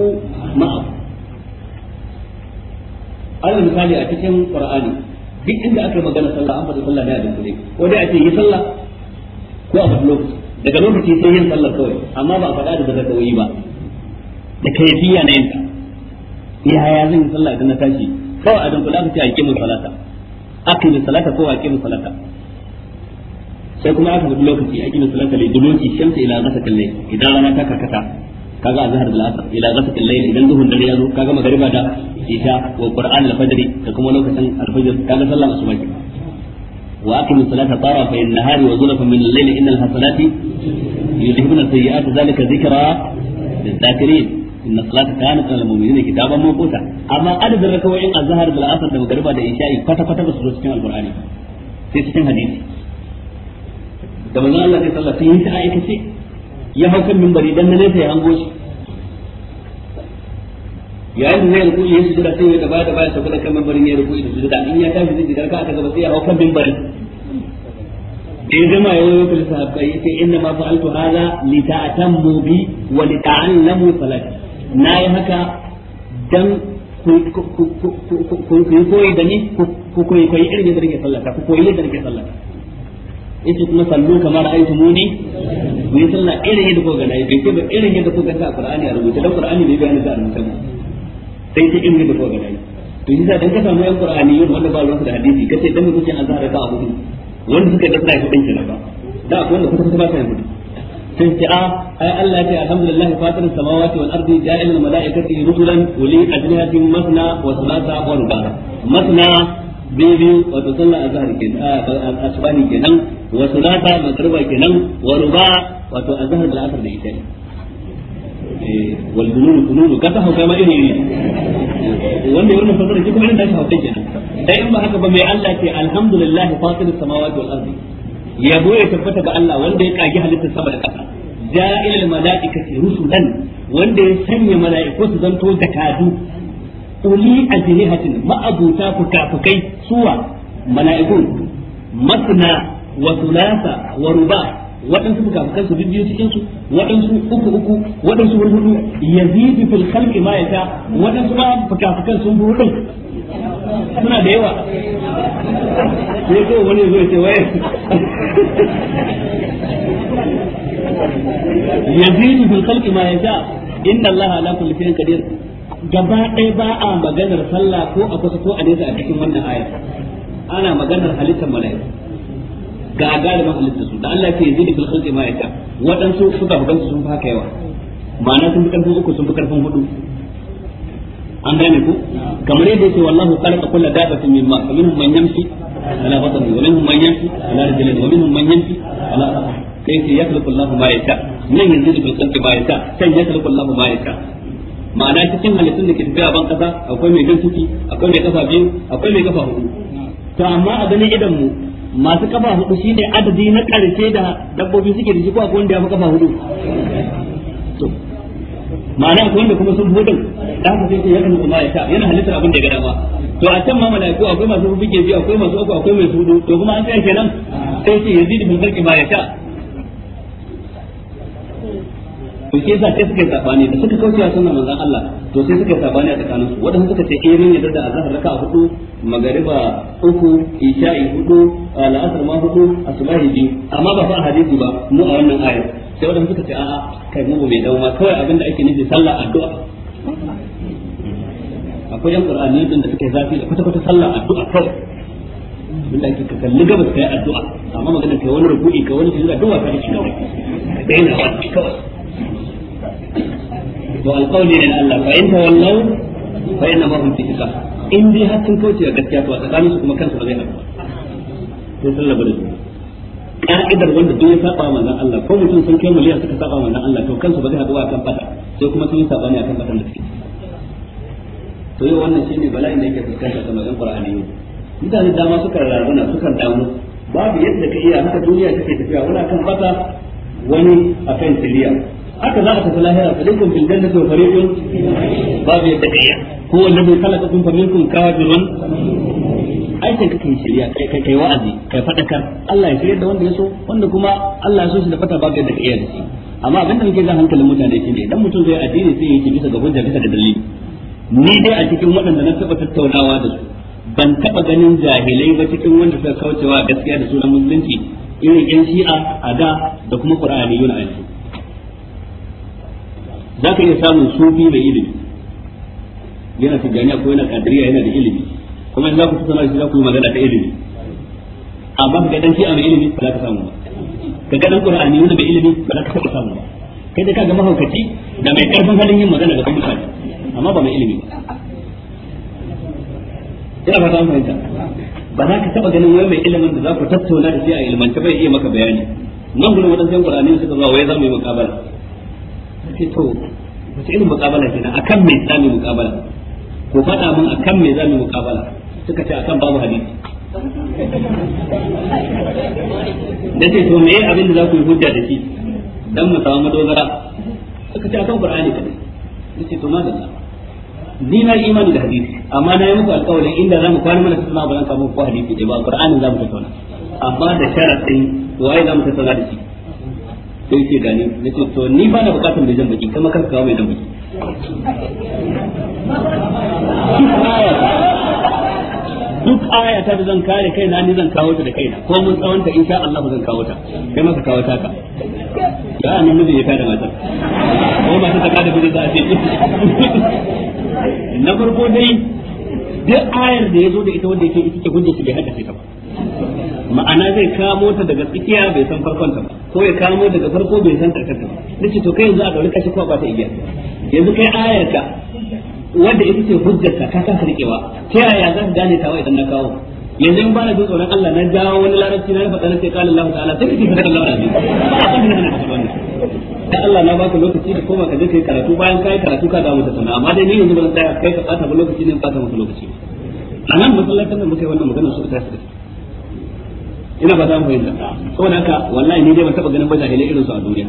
S1: ma'a alal misali a cikin qur'ani duk inda aka magana sallah an faɗi sallah ne a dunkule ko dai a ce yi sallah ko a faɗi lokaci daga lokaci sai yin sallar kawai amma ba a faɗa da daga kawai ba da kaifiya na yin yaya zan yi sallah idan na tashi kawai a dunkula ka ce a kimin salata akimin salata ko a kimin salata sai kuma aka fi lokaci a kimin salata lai duloki shamsa ila gasa kalle idan rana ta karkata kaga azhar da asr ila gasa kalle idan duhun dare ya zo kaga magariba da isha wa qur'an al-fajr da kuma lokacin al-fajr kaga sallar asuba kenan وأقم الصلاة طرفي النهار وزلفا من الليل إن الحسنات يذهبن السيئات ذلك ذكرى للذاكرين إن الصلاة كانت على المؤمنين كتابا موقوتا أما عدد الركوعين الظهر بالعصر da magariba da isha'i kwata kwata basu zo cikin alqur'ani sai cikin hadisi da manzon Allah sai sallah sai yi ta aikace ya hau kan minbari dan nan sai hango yayin da zai ruku'i ya sujuda sai ya gaba da baya sauka da kan mimbarin ya ruku'i da sujuda in ya tashi zai jidar ka aka gaba sai ya hau kan mimbarin da ya gama ya yi kulisa habbai ya ce inna ma fa'altu hadha li ta'tammu bi wa li ta'allamu salati na yi haka dan ku yi koyi da ni ku koyi koyi irin yadda nake sallata ku koyi yadda nake sallata yace kuma sallu kamar aitumuni ku yi sallah irin yadda kuka ga nayi bai ce ba irin yadda ko ga Qur'ani a rubuce da Qur'ani bai bayani da rubuce ba sai ta inda da kowa dai to yasa dan ka samu yan qur'ani yau wanda ba ruwan da hadisi kace dan mutum an zara ka abu wanda suka da sai kudin kenan ba da akwai wanda kuka ba ta yin kudi sai ce a ah, ai Allah ya ce alhamdulillah fatir samawati wal ardi ja'ilul malaikati rusulan uli ajnihatin masna wa thulatha wa ruba masna bibi wa sallan azhar kenan a asbani kenan wa thulatha magriba kenan wa ruba wato azhar da asr da ita Eh, wal dununu dununu ka ta ma iri iri wanda yawan fasara shi kuma irin tashi hauka kenan dai in ba haka ba mai Allah ce alhamdulillah fatirus samawati wal ardi yabo ya tabbata ga Allah wanda ya kage halittar sama da ƙasa ja'ilal mala'ikati rusulan wanda ya sanya mala'iku su zanto jakadu uli ajnihatin ma'abuta fukafukai suwa mala'ikun masna wa thulatha waɗansu fukafukan su biyu cikin su waɗansu uku uku waɗansu wani hudu yazidu fil khalqi ma yata waɗansu ma fukafukan sun fi hudu
S3: suna da yawa sai ko wani zo ya ce waye yazidu
S1: fil khalqi ma yata inna allaha ala kulli shay'in qadir gaba ɗaya ba a maganar sallah ko a kusa ko a nesa a cikin wannan ayar ana maganar halittar mala'iku ga agaliban halittar su da Allah ke yanzu da fil khalqi ma yasha wadansu suka fukan su sun fi haka yawa ma'ana sun fi karfin uku sun fi karfin hudu an gane ku kamar yadda yake wallahu khalaqa kulla dabatin min ma minhum man yamshi ala batni wa minhum man yamshi ala rijlin wa minhum man yamshi ala kai ya yakhluqu Allahu ma yasha nan yanzu da fil khalqi ma yasha sai yakhluqu Allahu ma yasha ma'ana cikin halittun da ke tafiya ban kasa akwai mai gantuki akwai mai kafa biyu akwai mai kafa hudu to amma a ganin idan mu masu kafa hudu shine adadi na karshe da dabbobi suke da shi ko akwai wanda ya fi kafa hudu ma'ana akwai wanda kuma sun hudun da haka sai ya kan kuma ya sha yana halittar abin da ya gada to a can ma malaiku akwai masu hudu ke biyu akwai masu uku akwai mai hudu to kuma an ke kenan sai ce yazidu bil khalqi ma ya sha to shi sa sai suka sabani da suka kaucewa sunnar manzon Allah to sai suka sabani a tsakanin su wadanda suka ce eh mun yarda da azhar raka hudu magariba uku isha'i hudu al'asr ma hudu asbahi biyu amma ba fa hadisi ba mu a wannan ayar sai wadanda suka ce a'a kai mu mai dawo ma kawai da ake nufi sallah addu'a akwai yan qur'ani din da suke zafi da kwata-kwata sallah addu'a kawai abinda ake ka kalli gabas kai addu'a amma magana kai wani rubu'i ka wani da duk ka shi kawai daina wani kawai wa alqawli ila Allah fa in tawallaw fa inna ma hum fi shiqaq in dai har sun kauce gaskiya to a tsakanin su kuma kansu ba zai haɗu sai sallaba da ka'idar wanda duk ya saba manzon Allah ko mutum sun kai miliyan suka saba manzon Allah to kansu ba zai haɗu kan fata sai kuma sun yi sabani akan fatan da suke to yau wannan shine bala'in da yake fuskanta kamar yan qur'ani mutane dama suka rarruna suka damu babu yadda ka iya haka duniya take tafiya wani kan fata wani akan siliya haka za a tafi lahira fariqun fil jannati wa fariqun babu yadda kaya ko wanda bai kala kun fa minkum kafirun aikin kake shirya kai kai kai wa'azi kai fadakar Allah ya shirya da wanda ya so wanda kuma Allah ya so shi da fata babu yadda kaya da shi amma abin da muke zan hankalin mutane shine idan mutum zai addini sai yake bisa ga hujja bisa ga dalili ni dai a cikin waɗanda na taɓa tattaunawa da su ban taɓa ganin jahilai ba cikin wanda suka kaucewa gaskiya da sunan musulunci irin yan shi'a a da da kuma qur'ani yuna a za ka iya samun sufi mai ilimi yana tijjaniya ko yana kadiriya yana da ilimi kuma in za ku kusa shi za ku yi magana ta ilimi amma ka dan shi a mai ilimi ba za ka samu ba ka ga dan qur'ani wanda bai ilimi ba za ka taɓa samu ba kai da kaga mahaukaci da mai karfin halin yin magana ga mutane amma ba mai ilimi ba ina fata an fahimta ba za ka taɓa ganin wani mai ilimin da za ku tattauna da shi a ilimance bai iya maka bayani nan gudun waɗansu yan qur'ani suka zo wai za mu yi mukabala fito wata wace irin muƙabala kenan akan me zamu mukabala ko faɗa mun akan me zamu mukabala suka ce akan babu hadisi
S3: da ce to me abin
S1: da za ku yi hujja da shi dan mu samu madogara suka ce akan qur'ani kadai ce to madalla ni na imani da hadisi amma na yi muku alƙawari inda za mu kwana mana tattauna ba zan samu ko hadisi da ba za mu tattauna amma da sharadin waye mu tattauna da shi sai ce gani na ce to ni ba na bukatar mai zambaki kama kan kawo mai zambaki
S3: duk aya ta da zan kare
S1: kai na ni zan kawo ta da kaina ko mun tsawon ta insha Allah zan kawo ta kai maka kawo ta ka ya ni miji ya kada mata ko ba ta kada miji za a ce na farko dai duk ayar da ya zo da ita wanda yake ita ce hujja shi bai hada sai ta ba ma'ana zai kamo ta daga tsakiya bai san farkon ta ko ya kamo daga farko bai san karkar ta ba nace to kai yanzu a dauri kashi kuma ba ta iya yanzu kai ayar ka wanda ita ce hujjar ka ka kasa rikewa ta yaya zan gane ta wa idan na kawo yanzu in bana jin tsoron Allah na jawo wani larabci na faɗa na sai qala Allah ta'ala sai kike faɗa Allah rabbi ba Allah na baka lokaci da koma ka je kai karatu bayan kai karatu ka damu da sana amma dai ni yanzu ban tsaya kai ka fata ba lokaci ne ba ta lokaci a nan masallacin da muka yi wannan magana su ta su ina ba za mu yadda saboda haka wallahi ni dai ban taba ganin ba jahilai irin su a duniya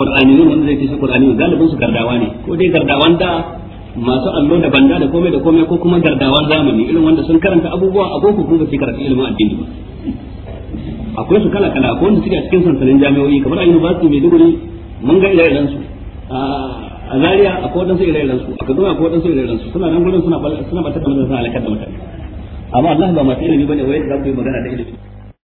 S1: qur'ani ne wanda zai ce qur'ani galibin su gardawa ne ko dai gardawan da masu allo da banda da komai da komai ko kuma gardawan zamani irin wanda sun karanta abubuwa a boko kuma sai karanta ilimin addini ba akwai su kala kala akwai wanda suke a cikin sansanin jami'o'i kamar a university mai duguri mun ga ire-iren su a zaria akwai wadansu ire-iren su a kaduna akwai wadansu ire-iren su suna nan gudun suna suna batar da mutane suna halakar da mutane amma Allah ba masu ilimi bane wai za ku yi magana da ilimi